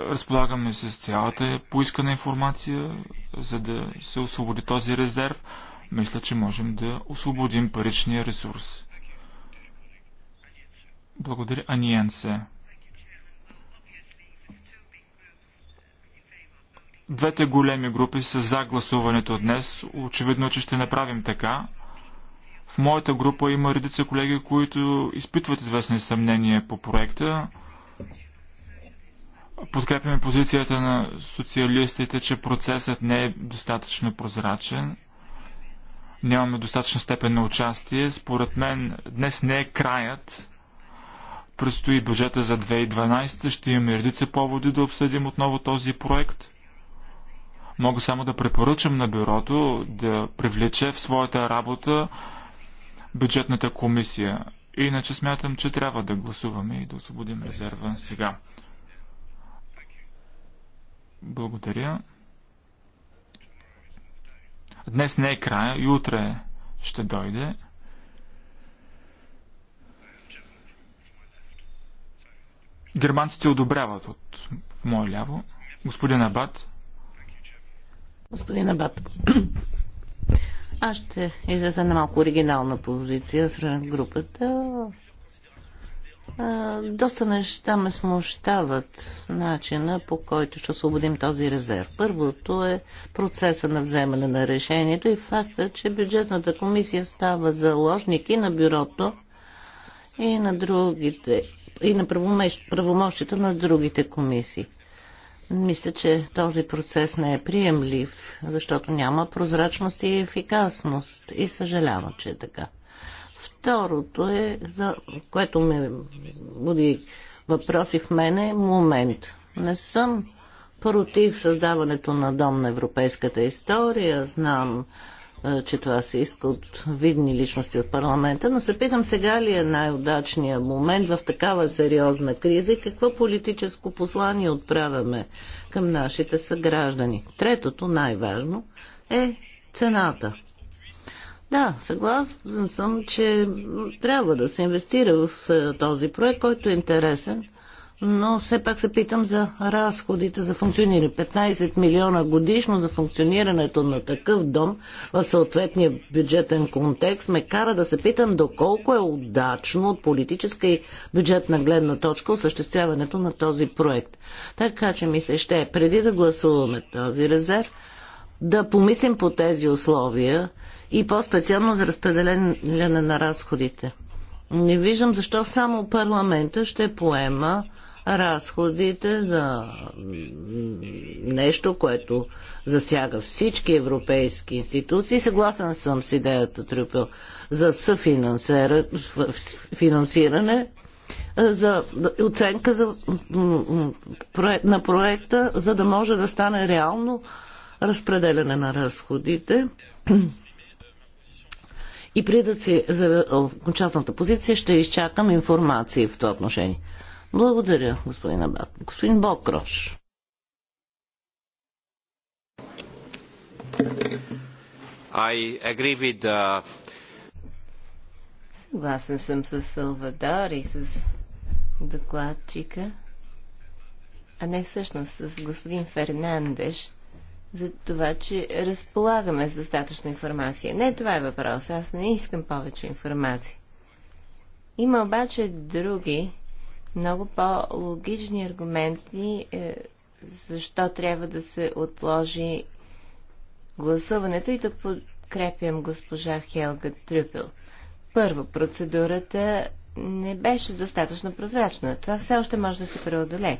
Разполагаме с цялата поискана информация, за да се освободи този резерв мисля, че можем да освободим паричния ресурс. Благодаря, Аниенсе. Двете големи групи са за гласуването днес. Очевидно, е, че ще направим така. В моята група има редица колеги, които изпитват известни съмнения по проекта. Подкрепяме позицията на социалистите, че процесът не е достатъчно прозрачен нямаме достатъчна степен на участие. Според мен днес не е краят. Предстои бюджета за 2012. Ще имаме редица поводи да обсъдим отново този проект. Мога само да препоръчам на бюрото да привлече в своята работа бюджетната комисия. Иначе смятам, че трябва да гласуваме и да освободим резерва сега. Благодаря. Днес не е края и утре ще дойде. Германците одобряват от в мое ляво. Господин Абат. Господин Абат, аз ще излеза на малко оригинална позиция сред групата доста неща ме смущават начина по който ще освободим този резерв. Първото е процеса на вземане на решението и факта, че бюджетната комисия става заложник и на бюрото, и на другите, и на правомощите на другите комисии. Мисля, че този процес не е приемлив, защото няма прозрачност и ефикасност. И съжалявам, че е така. Второто е, за което ме буди въпроси в мене, е момент. Не съм против създаването на Дом на европейската история. Знам, е, че това се иска от видни личности от парламента, но се питам сега ли е най-удачният момент в такава сериозна криза и какво политическо послание отправяме към нашите съграждани. Третото, най-важно, е цената – да, съгласен съм, че трябва да се инвестира в е, този проект, който е интересен, но все пак се питам за разходите за функциониране. 15 милиона годишно за функционирането на такъв дом в съответния бюджетен контекст ме кара да се питам доколко е удачно от политическа и бюджетна гледна точка осъществяването на този проект. Така че ми се ще, преди да гласуваме този резерв, да помислим по тези условия, и по-специално за разпределение на разходите. Не виждам защо само парламента ще поема разходите за нещо, което засяга всички европейски институции. Съгласен съм с идеята Трюпел за съфинансиране, за оценка за, на проекта, за да може да стане реално разпределяне на разходите. И преди си за окончателната позиция ще изчакам информации в това отношение. Благодаря, господин Абат. Господин Бокрош. I agree with uh, Съгласен съм с Салвадор и с докладчика. А не всъщност с господин Фернандеш за това, че разполагаме с достатъчно информация. Не, това е въпрос. Аз не искам повече информация. Има обаче други, много по-логични аргументи, е, защо трябва да се отложи гласуването и да подкрепям госпожа Хелга Трюпел. Първо, процедурата не беше достатъчно прозрачна. Това все още може да се преодолее.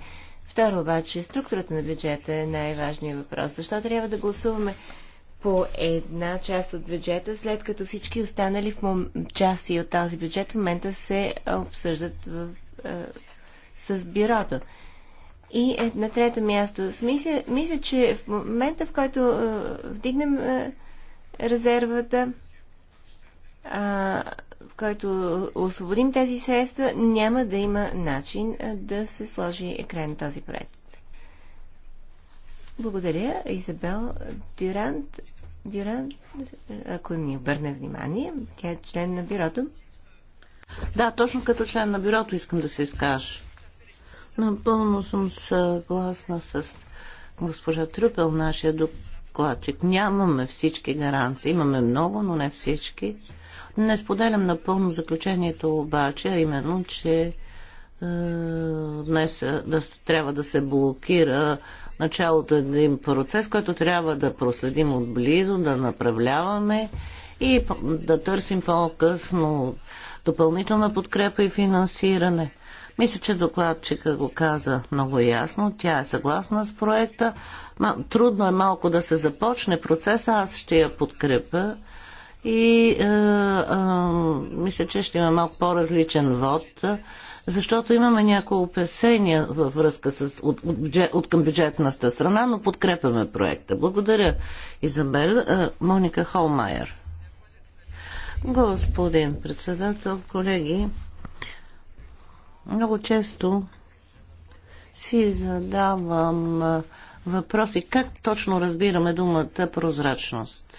Второ обаче, структурата на бюджета е най-важният въпрос. Защо трябва да гласуваме по една част от бюджета, след като всички останали в мом... части от този бюджет в момента се обсъждат в... Е, с бюрото? И е, на трето място, мисля, мисля, че в момента, в който е, вдигнем е, резервата, в който освободим тези средства, няма да има начин да се сложи екран на този проект. Благодаря, Изабел Дюрант. Дюрант, ако ни обърне внимание, тя е член на бюрото. Да, точно като член на бюрото искам да се изкажа. Напълно съм съгласна с госпожа Трюпел, нашия докладчик. Нямаме всички гаранции. Имаме много, но не всички. Не споделям напълно заключението обаче, а именно, че е, днес е, да, трябва да се блокира началото на един процес, който трябва да проследим отблизо, да направляваме и да търсим по-късно допълнителна подкрепа и финансиране. Мисля, че докладчика го каза много ясно. Тя е съгласна с проекта. Трудно е малко да се започне процеса. Аз ще я подкрепя и а, е, а, е, мисля, че ще има малко по-различен вод, защото имаме някои опасения във връзка с, от, от, бюджет, от към бюджетната страна, но подкрепяме проекта. Благодаря, Изабел. А, е, Моника Холмайер. Господин председател, колеги, много често си задавам въпроси как точно разбираме думата прозрачност.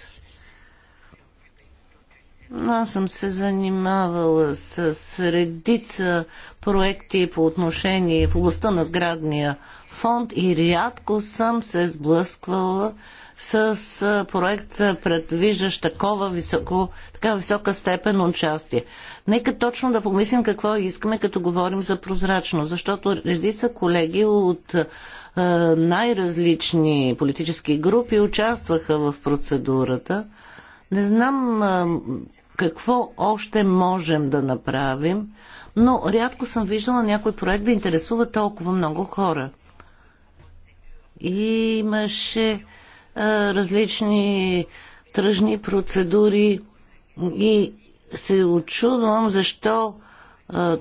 Аз съм се занимавала с, редица проекти по отношение в областта на сградния фонд и рядко съм се сблъсквала с проект, предвиждащ такова високо, така висока степен участие. Нека точно да помислим какво искаме, като говорим за прозрачно, защото редица колеги от е, най-различни политически групи участваха в процедурата – не знам а, какво още можем да направим, но рядко съм виждала някой проект да интересува толкова много хора. И имаше а, различни тръжни процедури и се очудвам защо а,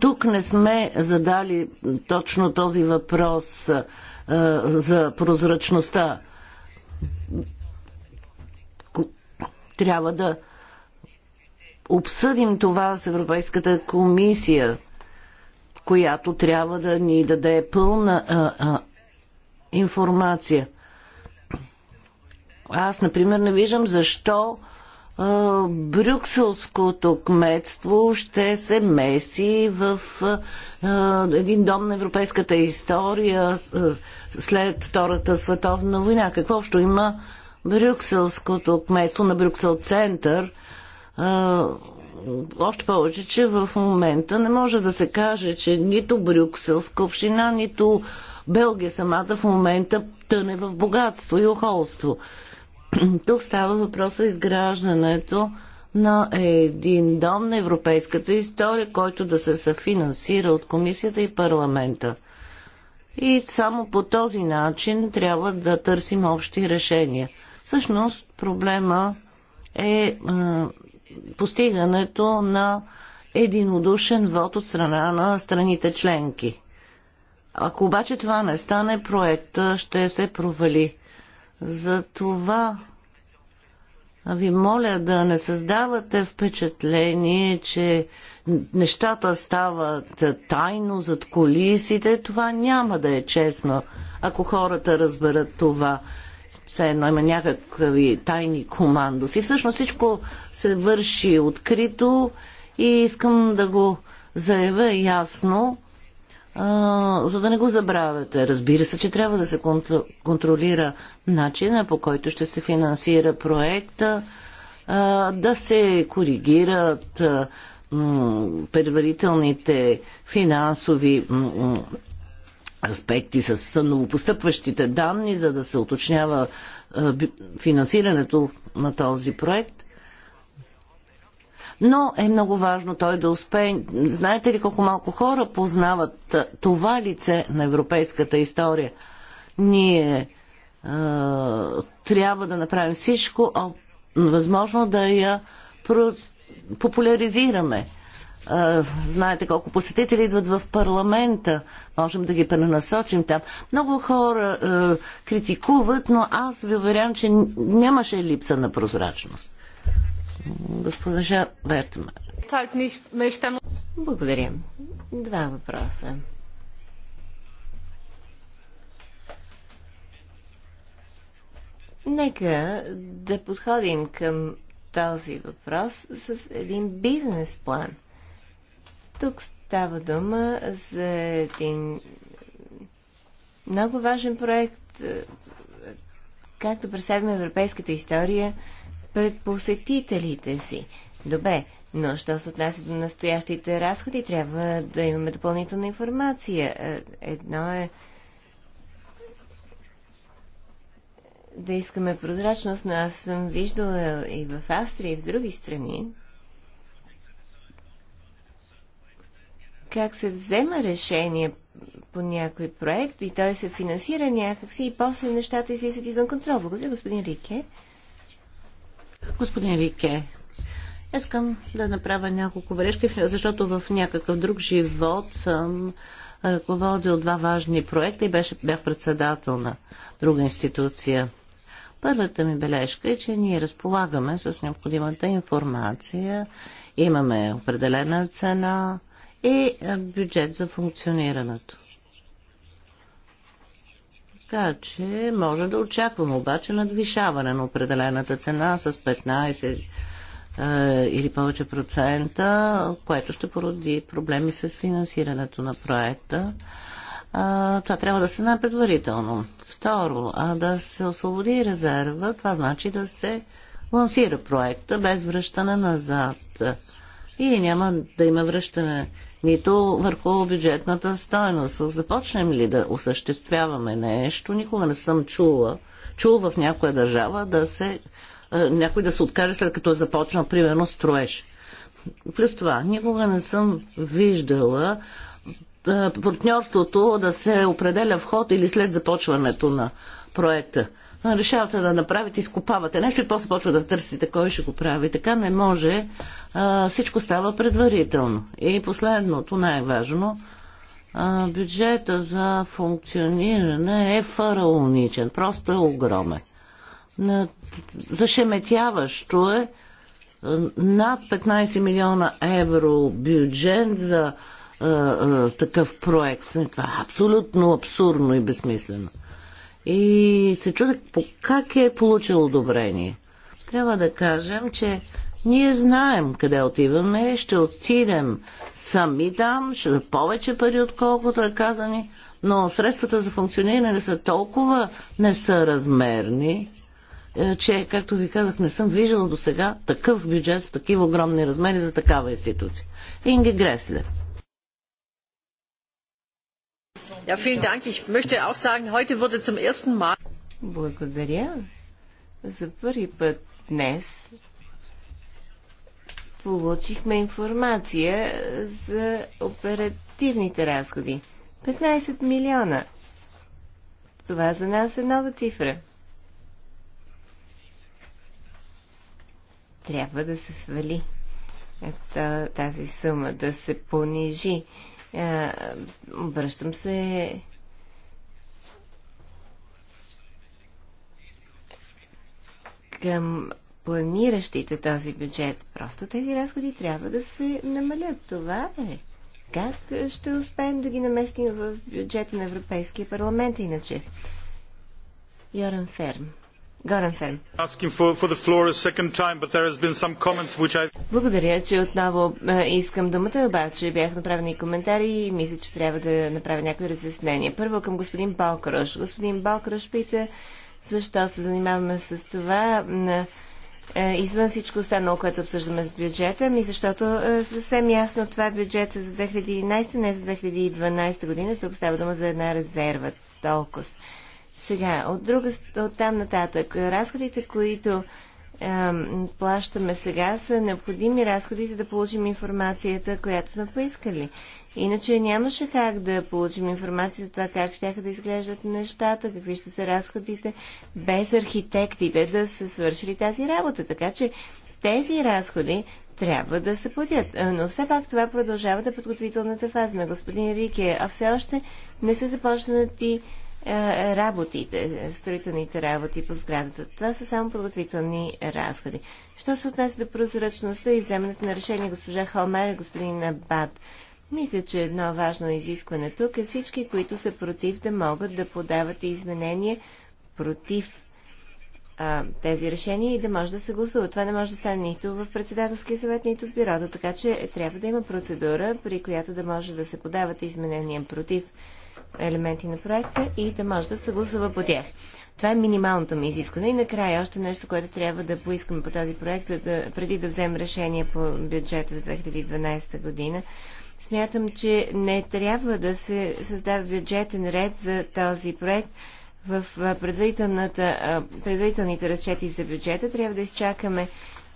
тук не сме задали точно този въпрос а, за прозрачността трябва да обсъдим това с Европейската комисия, която трябва да ни даде пълна а, а, информация. Аз, например, не виждам защо а, брюкселското кметство ще се меси в а, един дом на европейската история а, след Втората световна война. Какво общо има Брюкселското кметство на Брюксел Център. Още повече, че в момента не може да се каже, че нито Брюкселска община, нито Белгия самата в момента тъне в богатство и охолство. Тук става въпроса изграждането на един дом на европейската история, който да се съфинансира от комисията и парламента. И само по този начин трябва да търсим общи решения. Всъщност проблема е, е постигането на единодушен вод от страна на страните членки. Ако обаче това не стане, проекта ще се провали. Затова ви моля да не създавате впечатление, че нещата стават тайно зад колисите. Това няма да е честно, ако хората разберат това все едно има някакви тайни командоси. Всъщност всичко се върши открито и искам да го заявя ясно, а, за да не го забравяте. Разбира се, че трябва да се контролира начина по който ще се финансира проекта, а, да се коригират а, предварителните финансови аспекти с новопостъпващите данни, за да се уточнява финансирането на този проект. Но е много важно той да успее. Знаете ли колко малко хора познават това лице на европейската история? Ние е, трябва да направим всичко, а възможно да я популяризираме знаете колко посетители идват в парламента. Можем да ги пренасочим там. Много хора е, критикуват, но аз ви уверявам, че нямаше липса на прозрачност. Госпожа Вертмер. Благодаря. Два въпроса. Нека да подходим към този въпрос с един бизнес план – тук става дума за един много важен проект, е, както представим европейската история пред посетителите си. Добре, но що се отнася до настоящите разходи, трябва да имаме допълнителна информация. Е, едно е да искаме прозрачност, но аз съм виждала и в Австрия, и в други страни, как се взема решение по някой проект и той се финансира някакси и после нещата излизат извън контрол. Благодаря, господин Рике. Господин Рике, искам да направя няколко врешки, защото в някакъв друг живот съм ръководил два важни проекта и беше, бях председател на друга институция. Първата ми бележка е, че ние разполагаме с необходимата информация, имаме определена цена, и бюджет за функционирането. Така че може да очаквам обаче надвишаване на определената цена с 15 е, или повече процента, което ще породи проблеми с финансирането на проекта. това трябва да се знае предварително. Второ, а да се освободи резерва, това значи да се лансира проекта без връщане назад и няма да има връщане нито върху бюджетната стоеност. Започнем ли да осъществяваме нещо, никога не съм чула, чул в някоя държава да се, е, някой да се откаже след като е започнал, примерно, строеж. Плюс това, никога не съм виждала е, партньорството да се определя вход или след започването на проекта решавате да направите, изкопавате нещо и после почва да търсите кой ще го прави. Така не може. А, всичко става предварително. И последното, най-важно, бюджета за функциониране е фараоничен. Просто е огромен. Зашеметяващо е над 15 милиона евро бюджет за а, а, такъв проект. Това е абсолютно абсурдно и безсмислено и се чудех по как е получил одобрение. Трябва да кажем, че ние знаем къде отиваме, ще отидем сами там, ще да повече пари, отколкото е казани, но средствата за функциониране са толкова несъразмерни, е, че, както ви казах, не съм виждала до сега такъв бюджет в такива огромни размери за такава институция. Инги Греслер. Ja, vielen Dank. Ich möchte auch sagen, heute wurde zum ersten Mal. Благодаря. За първи път днес получихме информация за оперативните разходи. 15 милиона. Това за нас е нова цифра. Трябва да се свали е, тази сума, да се понижи. А, е, обръщам се към планиращите този бюджет. Просто тези разходи трябва да се намалят. Това е. Как ще успеем да ги наместим в бюджета на Европейския парламент иначе? Йоран Ферм. Горен Благодаря, че отново е, искам думата, обаче бях направени коментари и мисля, че трябва да направя някои разяснения. Първо към господин Балкарош. Господин Балкарош пита защо се занимаваме с това на е, извън всичко останало, което обсъждаме с бюджета, ми защото е, съвсем ясно това е бюджет за 2011, не за 2012 година. Тук става дума за една резерва. Толкова. Сега, от друга от там нататък, разходите, които е, плащаме сега, са необходими разходи, за да получим информацията, която сме поискали. Иначе нямаше как да получим информация за това как ще да изглеждат нещата, какви ще са разходите, без архитектите да са свършили тази работа. Така че тези разходи трябва да се платят. Но все пак това продължава да е подготвителната фаза на господин Рике, а все още не са започнати е, работите, строителните работи по сградата. Това са само подготвителни разходи. Що се отнася до прозрачността и вземането на решение госпожа Холмер и господин Абад? Мисля, че едно важно изискване тук е всички, които са против да могат да подават изменения против а, тези решения и да може да се гласува. Това не може да стане нито в председателския съвет, нито в бюрото, така че трябва да има процедура, при която да може да се подават изменения против елементи на проекта и да може да съгласува по тях. Това е минималното ми изискване. И накрая още нещо, което трябва да поискаме по този проект, да, преди да вземем решение по бюджета за 2012 година. Смятам, че не трябва да се създава бюджетен ред за този проект. В предварителните разчети за бюджета трябва да изчакаме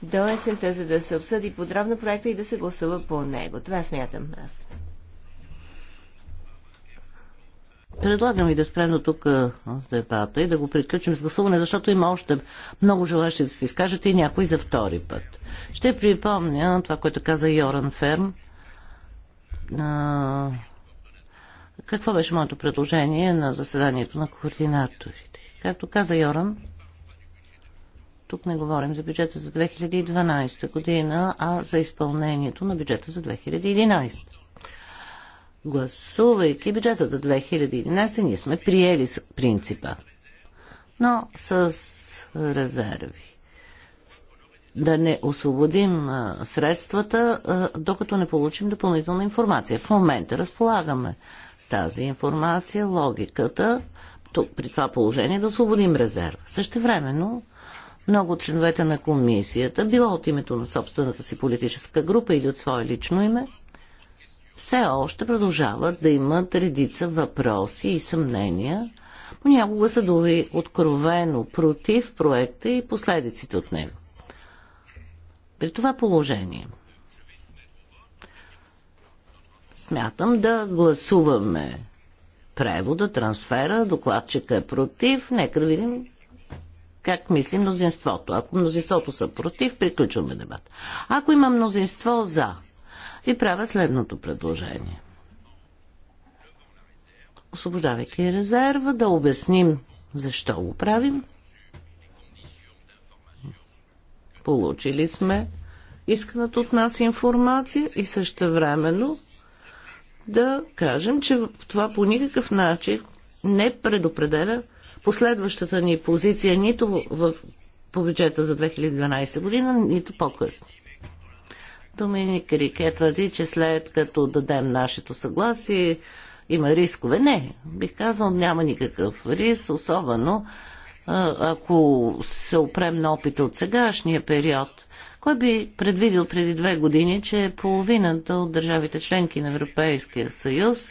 до есента, за да се обсъди подробно проекта и да се гласува по него. Това смятам аз. Предлагам ви да спрем до тук дебата и да го приключим с гласуване, защото има още много желащи да се изкажете и някой за втори път. Ще припомня това, което каза Йоран Ферм. А, какво беше моето предложение на заседанието на координаторите? Както каза Йоран, тук не говорим за бюджета за 2012 година, а за изпълнението на бюджета за 2011 гласувайки бюджета до 2011, ние сме приели принципа, но с резерви. Да не освободим средствата, докато не получим допълнителна информация. В момента разполагаме с тази информация, логиката, при това положение да освободим резерва. времено, много от членовете на комисията, било от името на собствената си политическа група или от свое лично име, все още продължават да имат редица въпроси и съмнения. Понякога са дори откровено против проекта и последиците от него. При това положение смятам да гласуваме превода, трансфера, докладчика е против. Нека да видим как мисли мнозинството. Ако мнозинството са против, приключваме дебат. Ако има мнозинство за и правя следното предложение. Освобождавайки резерва, да обясним защо го правим. Получили сме исканата от нас информация и също времено да кажем, че това по никакъв начин не предопределя последващата ни позиция нито в, по бюджета за 2012 година, нито по-късно. Доминик Рике твърди, че след като дадем нашето съгласие, има рискове. Не, бих казал, няма никакъв рис, особено ако се опрем на опита от сегашния период. Кой би предвидил преди две години, че половината от държавите членки на Европейския съюз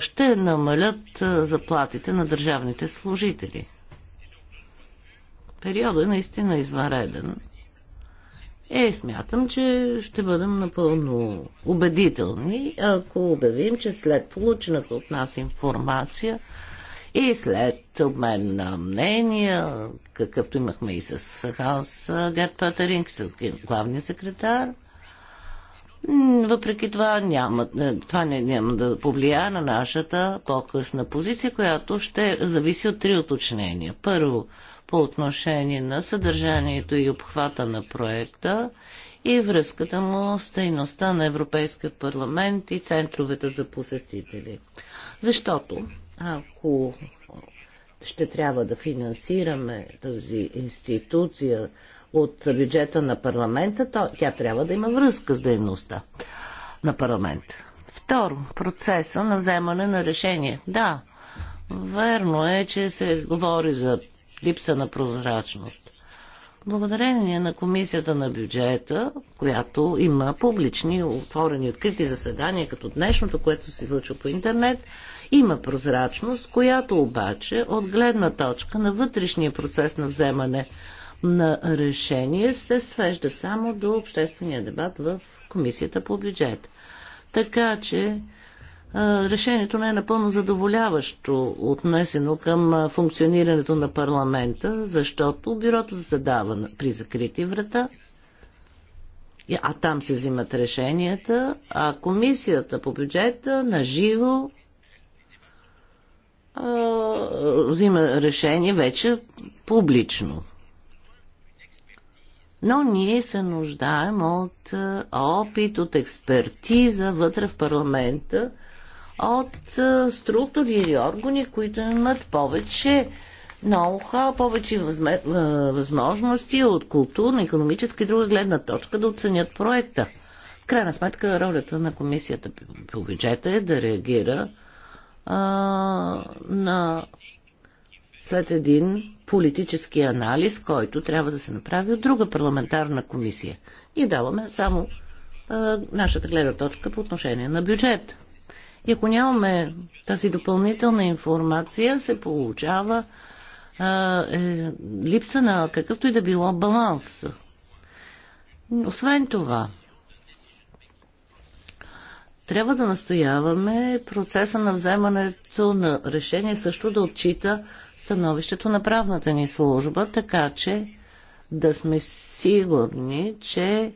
ще намалят заплатите на държавните служители? Периодът е наистина извънреден. Е, смятам, че ще бъдем напълно убедителни, ако обявим, че след получената от нас информация и след обмен на мнения, какъвто имахме и с Ханс Герт Патеринг, с главния секретар, въпреки това няма, това не, няма да повлия на нашата по-късна позиция, която ще зависи от три уточнения. Първо, по отношение на съдържанието и обхвата на проекта и връзката му с дейността на Европейския парламент и центровете за посетители. Защото ако ще трябва да финансираме тази институция от бюджета на парламента, то тя трябва да има връзка с дейността на парламента. Второ, процеса на вземане на решение. Да, верно е, че се говори за липса на прозрачност. Благодарение на комисията на бюджета, която има публични, отворени, открити заседания, като днешното, което се излъчва по интернет, има прозрачност, която обаче от гледна точка на вътрешния процес на вземане на решение се свежда само до обществения дебат в комисията по бюджет. Така че решението не е напълно задоволяващо отнесено към функционирането на парламента, защото бюрото заседава при закрити врата, а там се взимат решенията, а комисията по бюджета наживо взима решение вече публично. Но ние се нуждаем от опит, от експертиза вътре в парламента – от структури или органи, които имат повече ноу-хау, повече възможности от културна, економическа и друга гледна точка да оценят проекта. В крайна сметка ролята на комисията по бюджета е да реагира а, на след един политически анализ, който трябва да се направи от друга парламентарна комисия. И даваме само а, нашата гледна точка по отношение на бюджета. И ако нямаме тази допълнителна информация, се получава а, е, липса на какъвто и да било баланс. Освен това, трябва да настояваме процеса на вземането на решение също да отчита становището на правната ни служба, така че да сме сигурни, че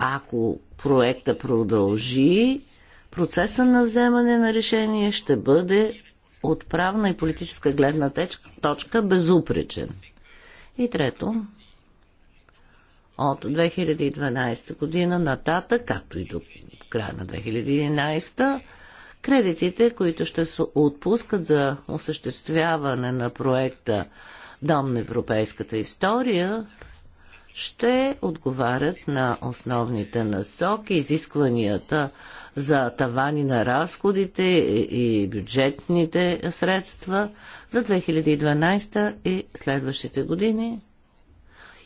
ако проекта продължи, процеса на вземане на решение ще бъде от правна и политическа гледна точка безупречен. И трето, от 2012 година нататък, както и до края на 2011, кредитите, които ще се отпускат за осъществяване на проекта Дом на европейската история, ще отговарят на основните насоки, изискванията за тавани на разходите и бюджетните средства за 2012 и следващите години.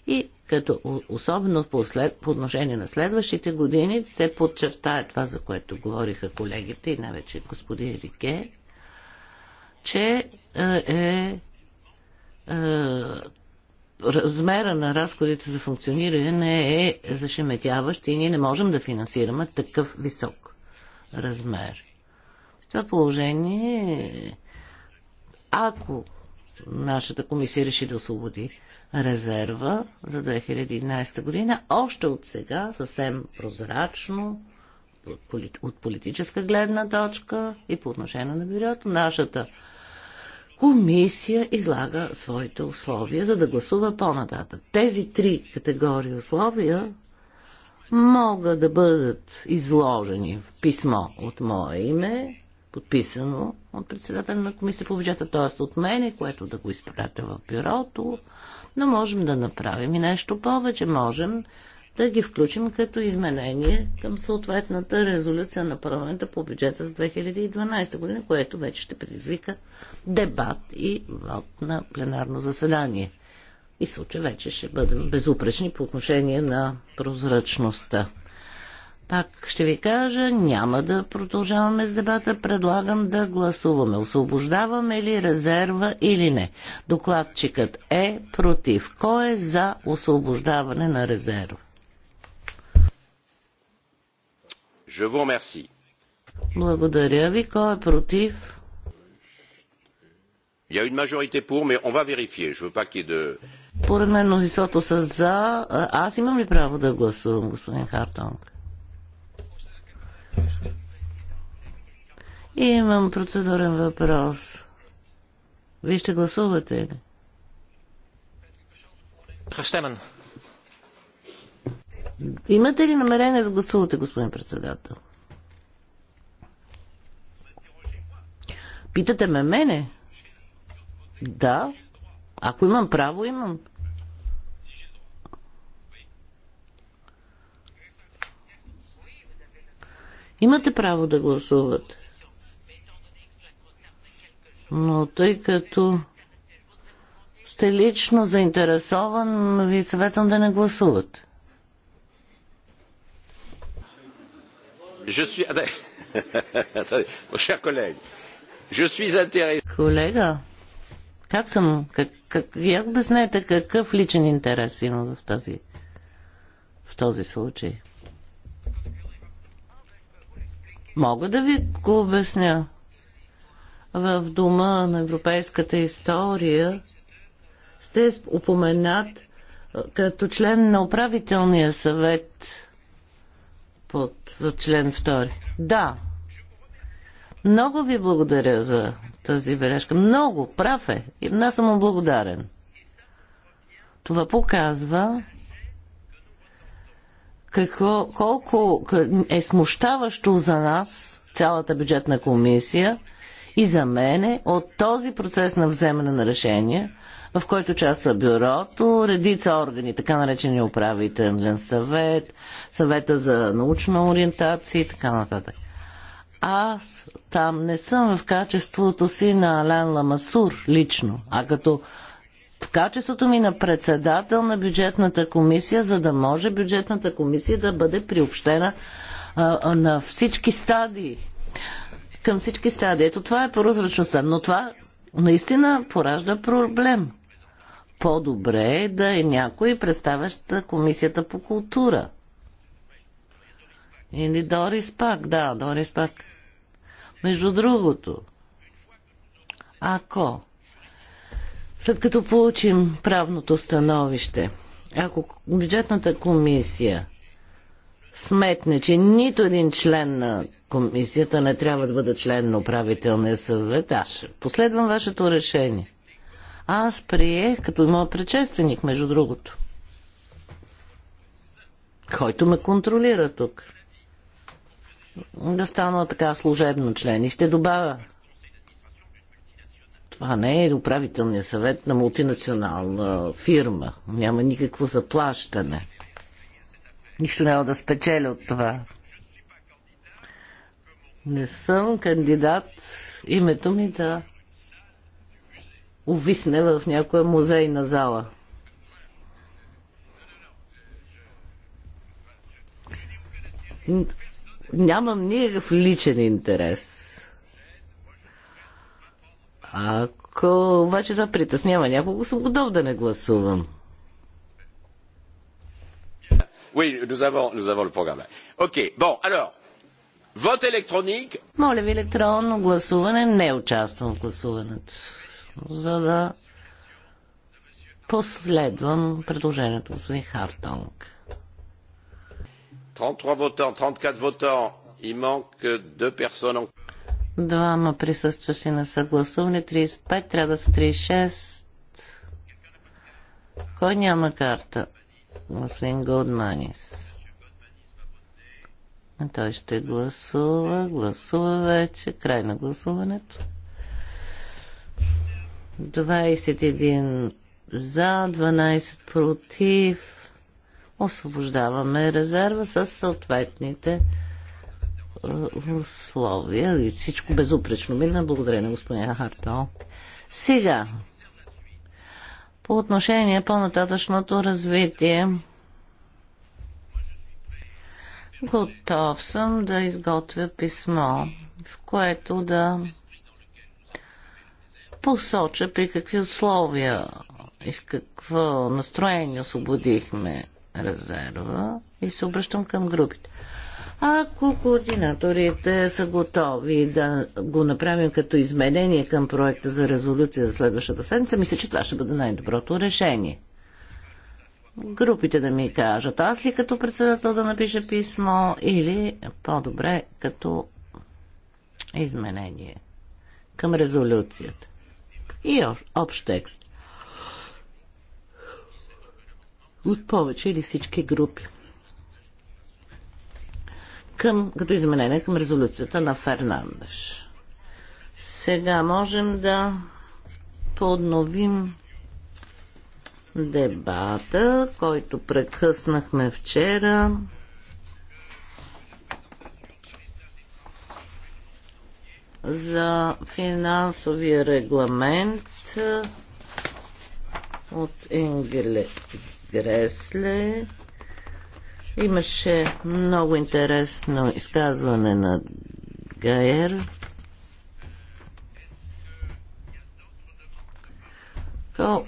И като особено по, след, по отношение на следващите години се подчертая това, за което говориха колегите и най-вече господин Рике, че е, е, е размера на разходите за функциониране е зашеметяващ и ние не можем да финансираме такъв висок размер. В това положение, ако нашата комисия реши да освободи резерва за 2011 година, още от сега, съвсем прозрачно, от политическа гледна точка и по отношение на бюрото, нашата комисия излага своите условия, за да гласува по-нататък. Тези три категории условия могат да бъдат изложени в писмо от мое име, подписано от председателя на комисия по бюджета, т.е. от мене, което да го изпратя в бюрото, но можем да направим и нещо повече. Можем да ги включим като изменение към съответната резолюция на парламента по бюджета за 2012 година, което вече ще предизвика дебат и вод на пленарно заседание. Мисля, че вече ще бъдем безупречни по отношение на прозрачността. Пак ще ви кажа, няма да продължаваме с дебата. Предлагам да гласуваме. Освобождаваме ли резерва или не. Докладчикът е против. Кой е за освобождаване на резерва? Je vous remercie. Благодаря ви. Кой е против? Il y a une majorité pour, mais on va vérifier. Je veux pas qu'il y ait de... Поред мен мнозинството са за. Аз имам ли право да гласувам, господин Хартонг? И имам процедурен въпрос. Вие ще гласувате ли? Gestemmen. Имате ли намерение да гласувате, господин председател? Питате ме мене? Да. Ако имам право, имам. Имате право да гласувате. Но тъй като сте лично заинтересован, ви съветвам да не гласувате. Je suis... Attendez, cher collègue, je suis intéressé... Колега, как съм... Как, как, я обяснете какъв личен интерес има в тази... в този случай? Мога да ви го обясня. В Дома на европейската история сте упоменат като член на управителния съвет под, под член 2. Да, много ви благодаря за тази бележка. Много, прав е. И аз съм му благодарен. Това показва какво, колко е смущаващо за нас, цялата бюджетна комисия и за мене от този процес на вземане на решения, в който част са бюрото, редица органи, така наречени управителен съвет, съвета за научна ориентация и така нататък. Аз там не съм в качеството си на Ален Ламасур лично, а като в качеството ми на председател на бюджетната комисия, за да може бюджетната комисия да бъде приобщена а, на всички стадии. Към всички стадии. Ето това е прозрачността. Но това наистина поражда проблем. По-добре е да е някой представящ комисията по култура. Или Дорис Пак, да, Дорис Пак. Между другото, ако след като получим правното становище, ако бюджетната комисия сметне, че нито един член на комисията не трябва да бъде член на управителния съвет, аз ще последвам вашето решение. Аз приех като моят предшественик, между другото, който ме контролира тук да стана така служебно член. И ще добавя. Това не е управителният съвет на мултинационална фирма. Няма никакво заплащане. Нищо няма да спечеля от това. Не съм кандидат. Името ми да увисне в някоя музейна зала. Нямам никакъв личен интерес. Ако обаче това притеснява някого, съм готов да не гласувам. Oui, nous avons, nous avons le programme Ok, bon, alors, vote électronique. Моля ви електронно гласуване, не участвам в гласуването, за да последвам предложението господин Хартонг. 33 votants, 34 votants. Il manque deux personnes. Двама присъстващи на съгласуване. 35, трябва да са 36. Кой няма карта? Господин Голдманис. Той ще гласува. Гласува вече. Край на гласуването. 21 за, 12 против освобождаваме резерва с съответните е, условия и всичко безупречно мина. Благодаря на господин Харто. Сега, по отношение по-нататъчното развитие, готов съм да изготвя писмо, в което да посоча при какви условия и в какво настроение освободихме резерва и се обръщам към групите. Ако координаторите са готови да го направим като изменение към проекта за резолюция за следващата седмица, мисля, че това ще бъде най-доброто решение. Групите да ми кажат, аз ли като председател да напиша писмо или по-добре като изменение към резолюцията. И общ текст. от повече или всички групи. Към, като изменение към резолюцията на Фернандеш. Сега можем да подновим дебата, който прекъснахме вчера. за финансовия регламент от Енгеле Гресле. Имаше много интересно изказване на Гайер. Кол...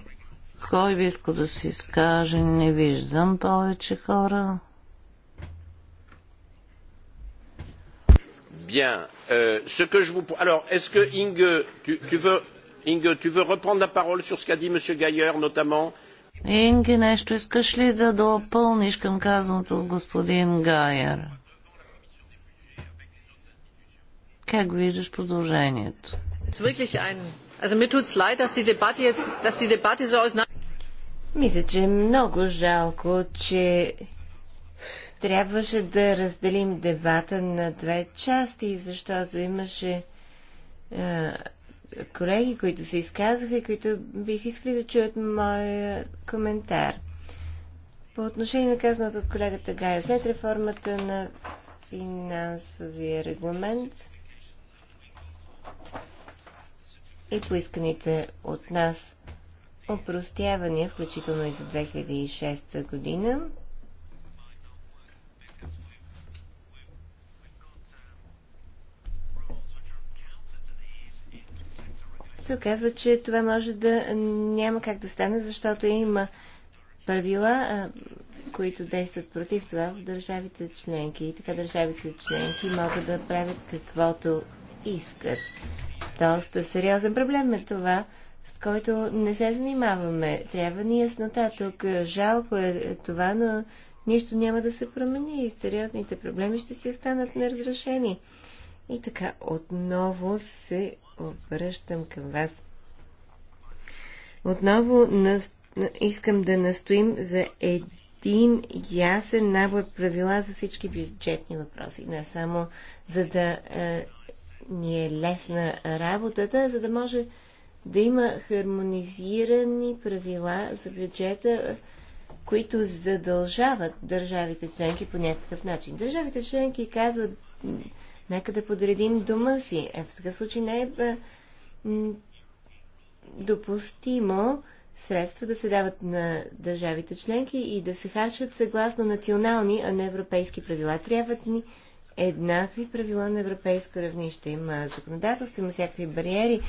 Кой би искал да се изкаже? Не виждам повече хора. Bien. Euh, ce que je vous... Alors, est-ce que Inge, tu, tu veux... Inge, tu veux reprendre la parole sur ce qu'a dit M. Gaillard, notamment Инги, нещо искаш ли да допълниш към казаното от господин Гайер? Как виждаш продължението? Мисля, че е много жалко, че трябваше да разделим дебата на две части, защото имаше колеги, които се изказаха и които бих искали да чуят моя коментар. По отношение на казаното от колегата Гая, след реформата на финансовия регламент и поисканите от нас опростявания, включително и за 2006 година, се оказва, че това може да няма как да стане, защото има правила, които действат против това в държавите членки. И така държавите членки могат да правят каквото искат. Доста сериозен проблем е това, с който не се занимаваме. Трябва ни яснота тук. Жалко е това, но нищо няма да се промени и сериозните проблеми ще си останат неразрешени. И така, отново се обръщам към вас. Отново нас... искам да настоим за един ясен набор правила за всички бюджетни въпроси. Не само за да е, ни е лесна работата, а за да може да има хармонизирани правила за бюджета, които задължават държавите членки по някакъв начин. Държавите членки казват Нека да подредим дома си. Е, в такъв случай не е, е допустимо средства да се дават на държавите членки и да се харчат съгласно национални, а не европейски правила. Трябват ни еднакви правила на европейско равнище. Има законодателство, има всякакви бариери.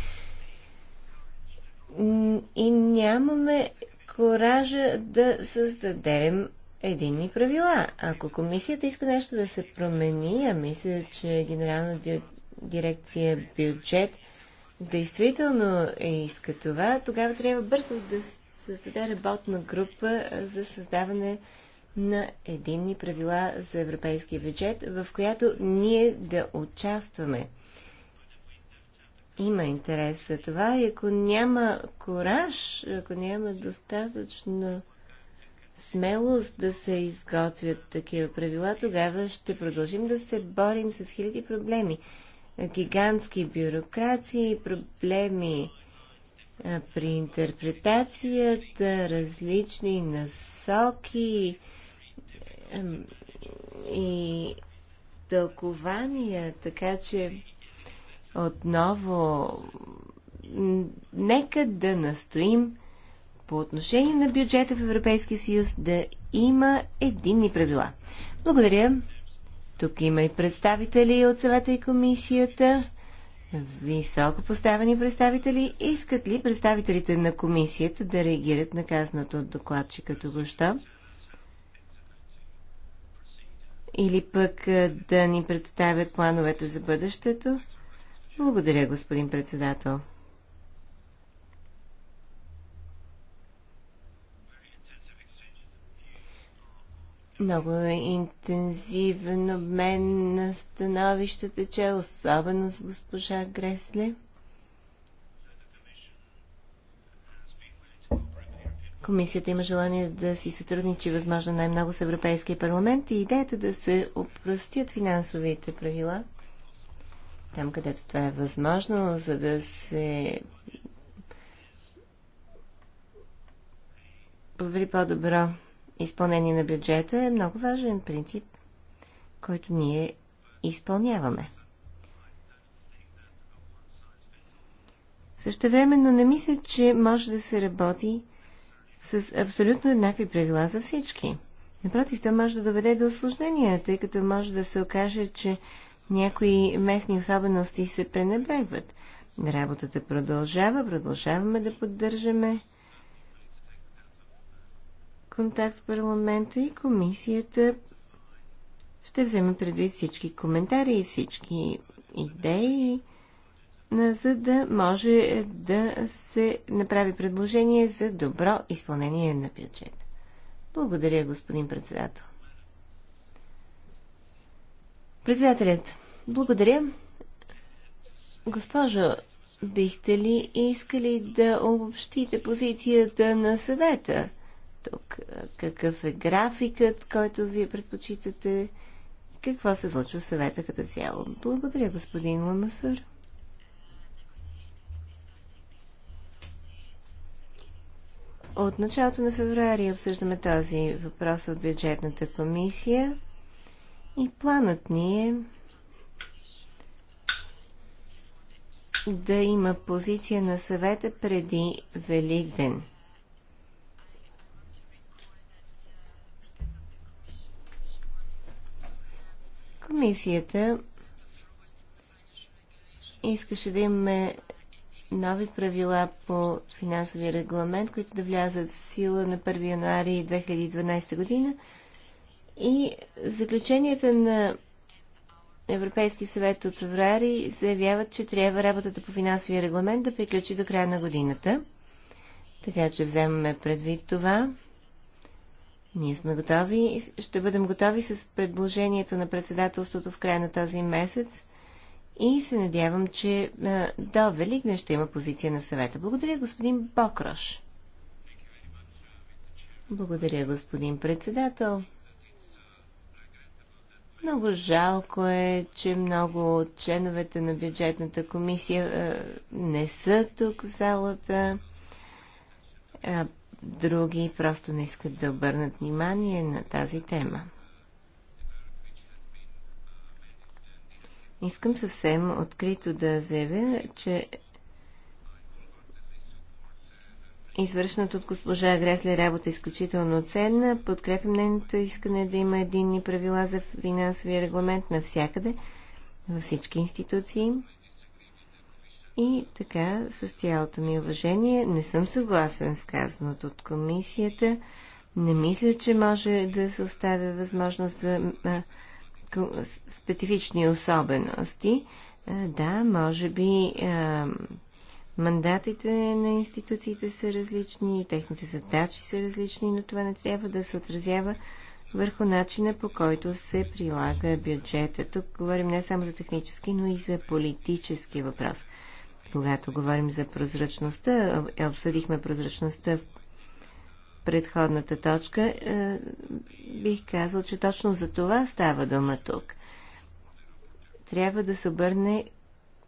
И нямаме коража да създадем единни правила. Ако комисията иска нещо да се промени, а мисля, че генерална дирекция бюджет действително е иска това, тогава трябва бързо да създаде работна група за създаване на единни правила за европейския бюджет, в която ние да участваме. Има интерес за това и ако няма кораж, ако няма достатъчно смелост да се изготвят такива правила, тогава ще продължим да се борим с хиляди проблеми. Гигантски бюрокрации, проблеми при интерпретацията, различни насоки и тълкования, така че отново нека да настоим по отношение на бюджета в Европейския съюз да има единни правила. Благодаря. Тук има и представители от съвета и комисията. Високо поставени представители. Искат ли представителите на комисията да реагират на казаното от докладчика като що Или пък да ни представят плановете за бъдещето? Благодаря, господин председател. Много интензивен обмен на становищата, тече, е особено с госпожа Гресле. Комисията има желание да си сътрудничи възможно най-много с Европейския парламент и идеята да се опростят финансовите правила там, където това е възможно, за да се подобри по-добро изпълнение на бюджета е много важен принцип, който ние изпълняваме. Същевременно не мисля, че може да се работи с абсолютно еднакви правила за всички. Напротив, то може да доведе до осложнения, тъй като може да се окаже, че някои местни особености се пренебрегват. Работата продължава, продължаваме да поддържаме контакт с парламента и комисията ще вземе предвид всички коментари и всички идеи, за да може да се направи предложение за добро изпълнение на бюджета. Благодаря, господин председател. Председателят, благодаря. Госпожо, бихте ли искали да обобщите позицията на съвета? тук? Какъв е графикът, който вие предпочитате? Какво се случва в съвета като цяло? Благодаря, господин Ламасур. От началото на февруари обсъждаме този въпрос от бюджетната комисия и планът ни е да има позиция на съвета преди Великден – Комисията искаше да имаме нови правила по финансовия регламент, които да влязат в сила на 1 януари 2012 година. И заключенията на Европейски съвет от феврари заявяват, че трябва работата по финансовия регламент да приключи до края на годината. Така че вземаме предвид това. Ние сме готови, ще бъдем готови с предложението на председателството в края на този месец и се надявам, че до Великден ще има позиция на съвета. Благодаря, господин Бокрош. Благодаря, господин председател. Много жалко е, че много от членовете на бюджетната комисия не са тук в залата други просто не искат да обърнат внимание на тази тема. Искам съвсем открито да заявя, че извършеното от госпожа Гресле работа е изключително ценна. Подкрепям нейното искане да има единни правила за финансовия регламент навсякъде, във всички институции. И така, с цялото ми уважение, не съм съгласен с казаното от комисията. Не мисля, че може да се оставя възможност за специфични особености. Да, може би мандатите на институциите са различни, техните задачи са различни, но това не трябва да се отразява върху начина по който се прилага бюджета. Тук говорим не само за технически, но и за политически въпрос когато говорим за прозрачността, е, обсъдихме прозрачността в предходната точка, е, бих казал, че точно за това става дума тук. Трябва да се обърне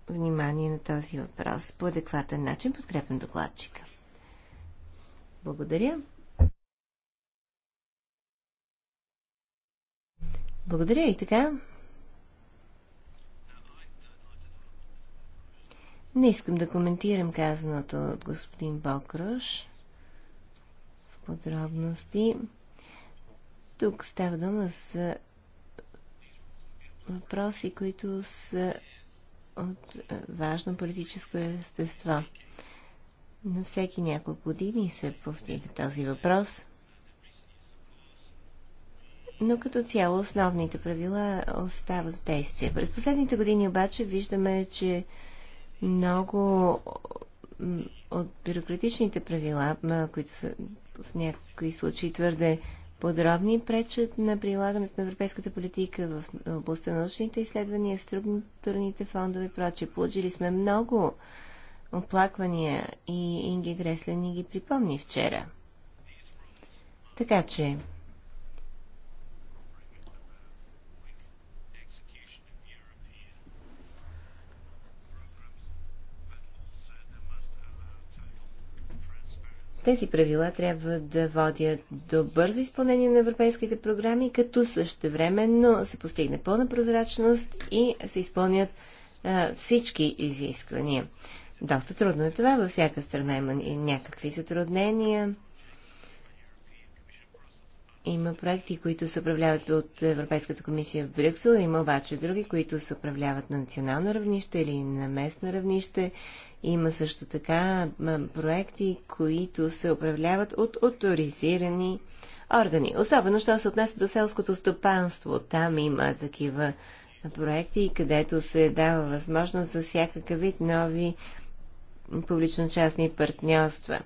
внимание на този въпрос по адекватен начин. подкрепен докладчика. Благодаря. Благодаря и така. Не искам да коментирам казаното от господин Бокрош в подробности. Тук става дума за въпроси, които са от е, важно политическо естество. На всеки няколко години се повдига този въпрос. Но като цяло основните правила остават в действие. През последните години обаче виждаме, че много от бюрократичните правила, които са в някои случаи твърде подробни, пречат на прилагането на европейската политика в областта на научните изследвания, структурните фондове и прочие. Получили сме много оплаквания и Инги Греслен ни ги припомни вчера. Така че, Тези правила трябва да водят до бързо изпълнение на европейските програми, като същевременно се постигне пълна прозрачност и се изпълнят а, всички изисквания. Доста трудно е това. Във всяка страна има някакви затруднения. Има проекти, които се управляват от Европейската комисия в Брюксел, има обаче други, които се управляват на национално равнище или на местно равнище. Има също така проекти, които се управляват от авторизирани органи. Особено, що се отнася до селското стопанство. Там има такива проекти, където се дава възможност за всякакъв вид нови публично-частни партньорства.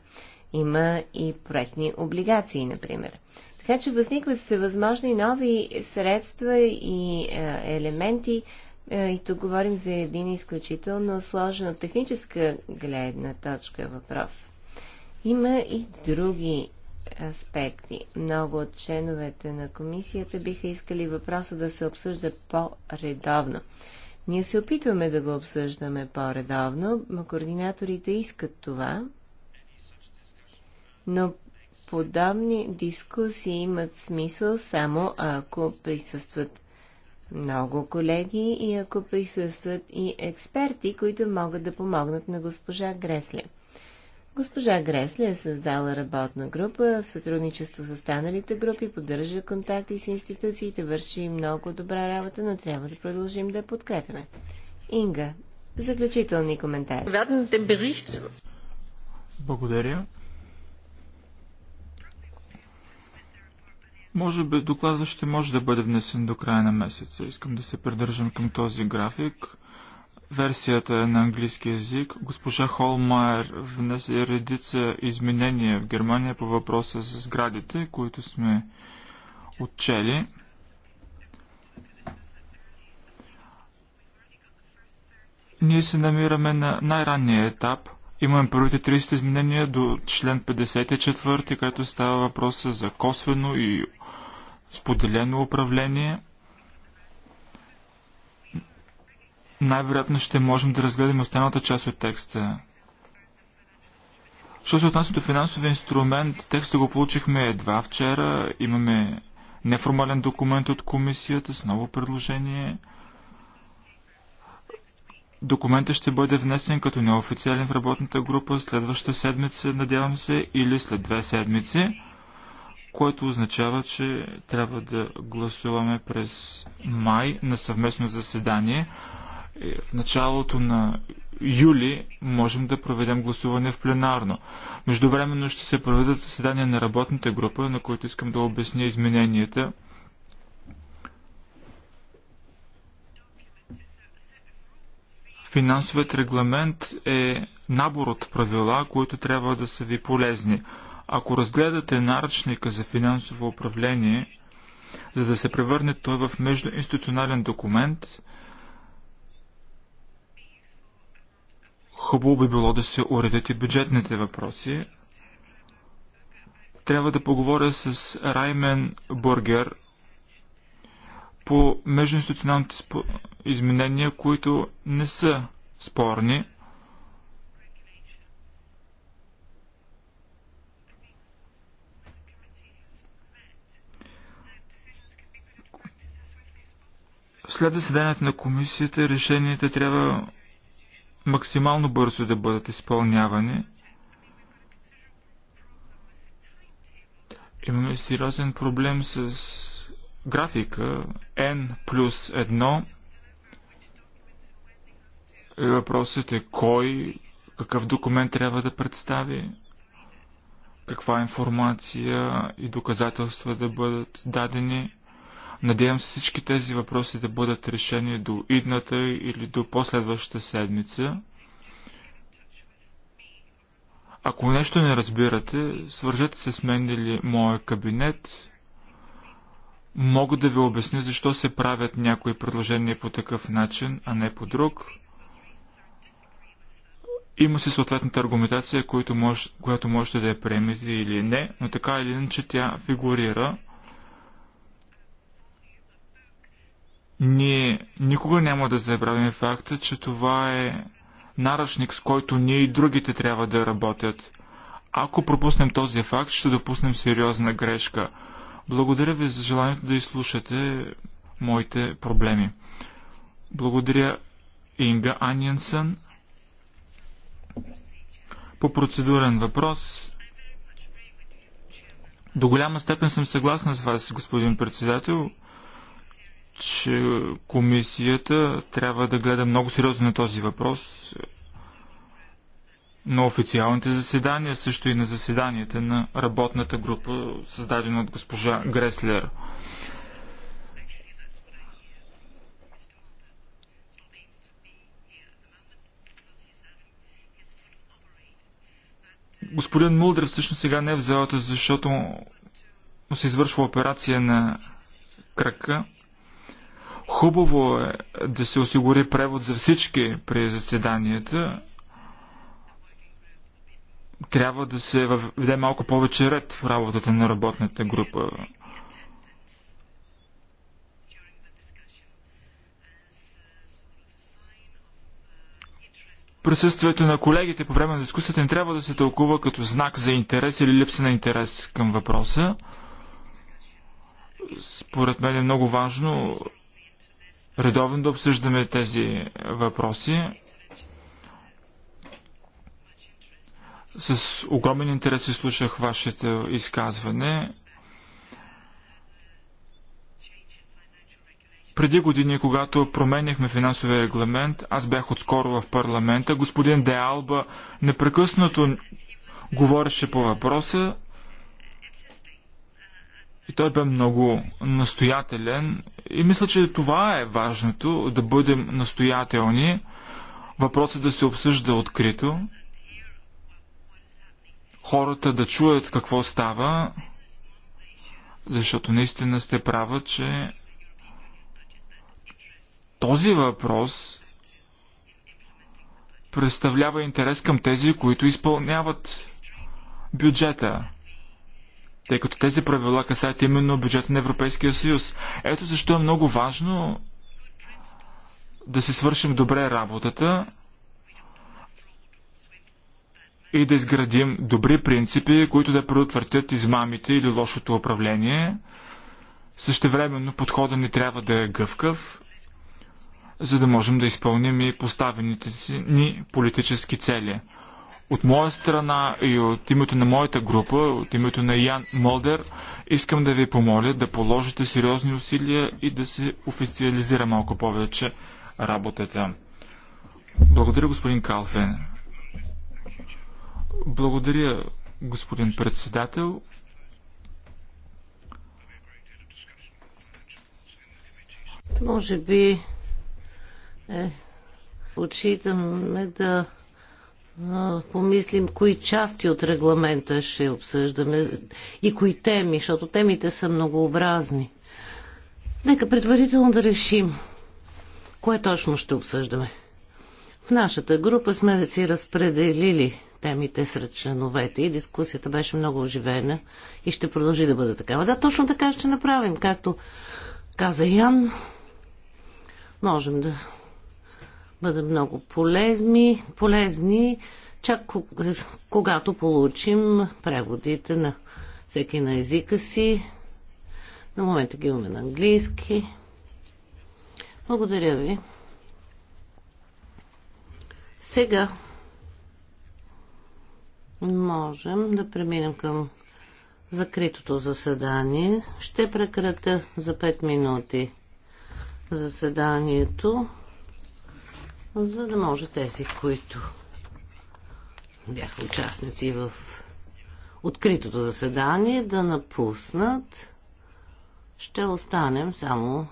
Има и проектни облигации, например. Така че възникват се възможни нови средства и е, елементи. Е, и тук говорим за един изключително сложен от техническа гледна точка въпрос. Има и други аспекти. Много от членовете на комисията биха искали въпроса да се обсъжда по-редовно. Ние се опитваме да го обсъждаме по-редовно, но координаторите искат това, но подобни дискусии имат смисъл само ако присъстват много колеги и ако присъстват и експерти, които могат да помогнат на госпожа Гресле. Госпожа Гресле е създала работна група в сътрудничество с останалите групи, поддържа контакти с институциите, върши много добра работа, но трябва да продължим да подкрепяме. Инга, заключителни коментари. Благодаря. Може би докладът ще може да бъде внесен до края на месеца. Искам да се придържам към този график. Версията е на английски язик. Госпожа Холмайер внесе редица изменения в Германия по въпроса за сградите, които сме отчели. Ние се намираме на най-ранния етап – Имаме първите 30 изменения до член 54, където става въпроса за косвено и споделено управление, най-вероятно ще можем да разгледаме останалата част от текста. Що се отнася до финансови инструмент, текста го получихме едва вчера. Имаме неформален документ от комисията с ново предложение. Документът ще бъде внесен като неофициален в работната група следващата седмица, надявам се, или след две седмици което означава, че трябва да гласуваме през май на съвместно заседание. Е, в началото на юли можем да проведем гласуване в пленарно. Междувременно ще се проведат заседания на работната група, на които искам да обясня измененията. Финансовият регламент е набор от правила, които трябва да са ви полезни. Ако разгледате наръчника за финансово управление, за да се превърне той в междуинституционален документ, хубаво би било да се уредят и бюджетните въпроси. Трябва да поговоря с Раймен Бургер по междуинституционалните изменения, които не са спорни – След заседанието на комисията решенията трябва максимално бързо да бъдат изпълнявани. Имаме сериозен проблем с графика N плюс 1. И въпросът е кой, какъв документ трябва да представи, каква информация и доказателства да бъдат дадени. Надявам се всички тези въпроси да бъдат решени до идната или до последващата седмица. Ако нещо не разбирате, свържете се с мен или моя кабинет. Мога да ви обясня защо се правят някои предложения по такъв начин, а не по друг. Има си съответната аргументация, която, която можете да я приемете или не, но така или иначе тя фигурира. Ние никога няма да забравим факта, че това е наръчник, с който ние и другите трябва да работят. Ако пропуснем този факт, ще допуснем сериозна грешка. Благодаря ви за желанието да изслушате моите проблеми. Благодаря Инга Аниенсън. По процедурен въпрос. До голяма степен съм съгласна с вас, господин председател че комисията трябва да гледа много сериозно на този въпрос на официалните заседания, също и на заседанията на работната група, създадена от госпожа Греслер. Господин Мулдър всъщност сега не е в залата, защото му се извършва операция на крака. Хубаво е да се осигури превод за всички при заседанията. Трябва да се введе малко повече ред в работата на работната група. Присъствието на колегите по време на дискусията не трябва да се тълкува като знак за интерес или липса на интерес към въпроса. Според мен е много важно редовно да обсъждаме тези въпроси. С огромен интерес и слушах вашето изказване. Преди години, когато променяхме финансовия регламент, аз бях отскоро в парламента, господин Деалба непрекъснато говореше по въпроса, и той бе много настоятелен. И мисля, че това е важното, да бъдем настоятелни. Въпросът е да се обсъжда открито. Хората да чуят какво става, защото наистина сте права, че този въпрос представлява интерес към тези, които изпълняват бюджета тъй като тези правила касаят именно бюджета на Европейския съюз. Ето защо е много важно да си свършим добре работата и да изградим добри принципи, които да предотвратят измамите или лошото управление. Същевременно подходът ни трябва да е гъвкав, за да можем да изпълним и поставените си ни политически цели – от моя страна и от името на моята група, от името на Ян Молдер, искам да ви помоля да положите сериозни усилия и да се официализира малко повече работата. Благодаря, господин Калфен. Благодаря, господин председател. Може би е, очитаме да помислим кои части от регламента ще обсъждаме и кои теми, защото темите са многообразни. Нека предварително да решим кое точно ще обсъждаме. В нашата група сме си разпределили темите сред членовете и дискусията беше много оживена и ще продължи да бъде такава. Да, точно така ще направим, както каза Ян. Можем да бъдат много полезни, полезни чак когато получим преводите на всеки на езика си. На момента ги имаме на английски. Благодаря ви. Сега можем да преминем към закритото заседание. Ще прекратя за 5 минути заседанието за да може тези, които бяха участници в откритото заседание, да напуснат. Ще останем само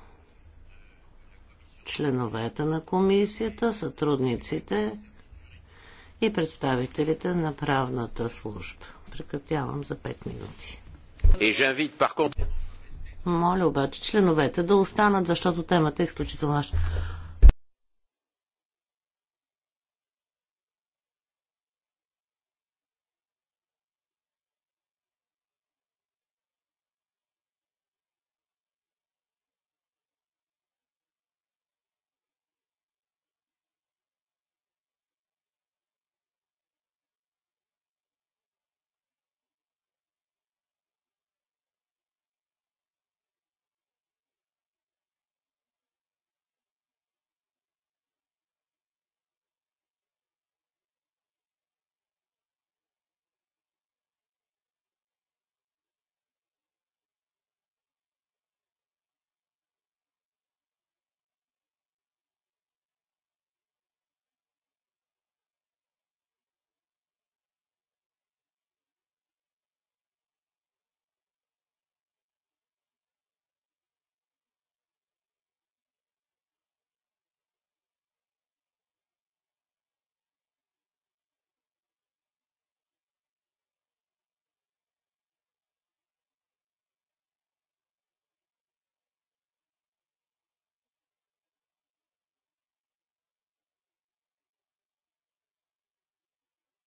членовете на комисията, сътрудниците и представителите на правната служба. Прекратявам за 5 минути. Моля обаче членовете да останат, защото темата е изключително важна.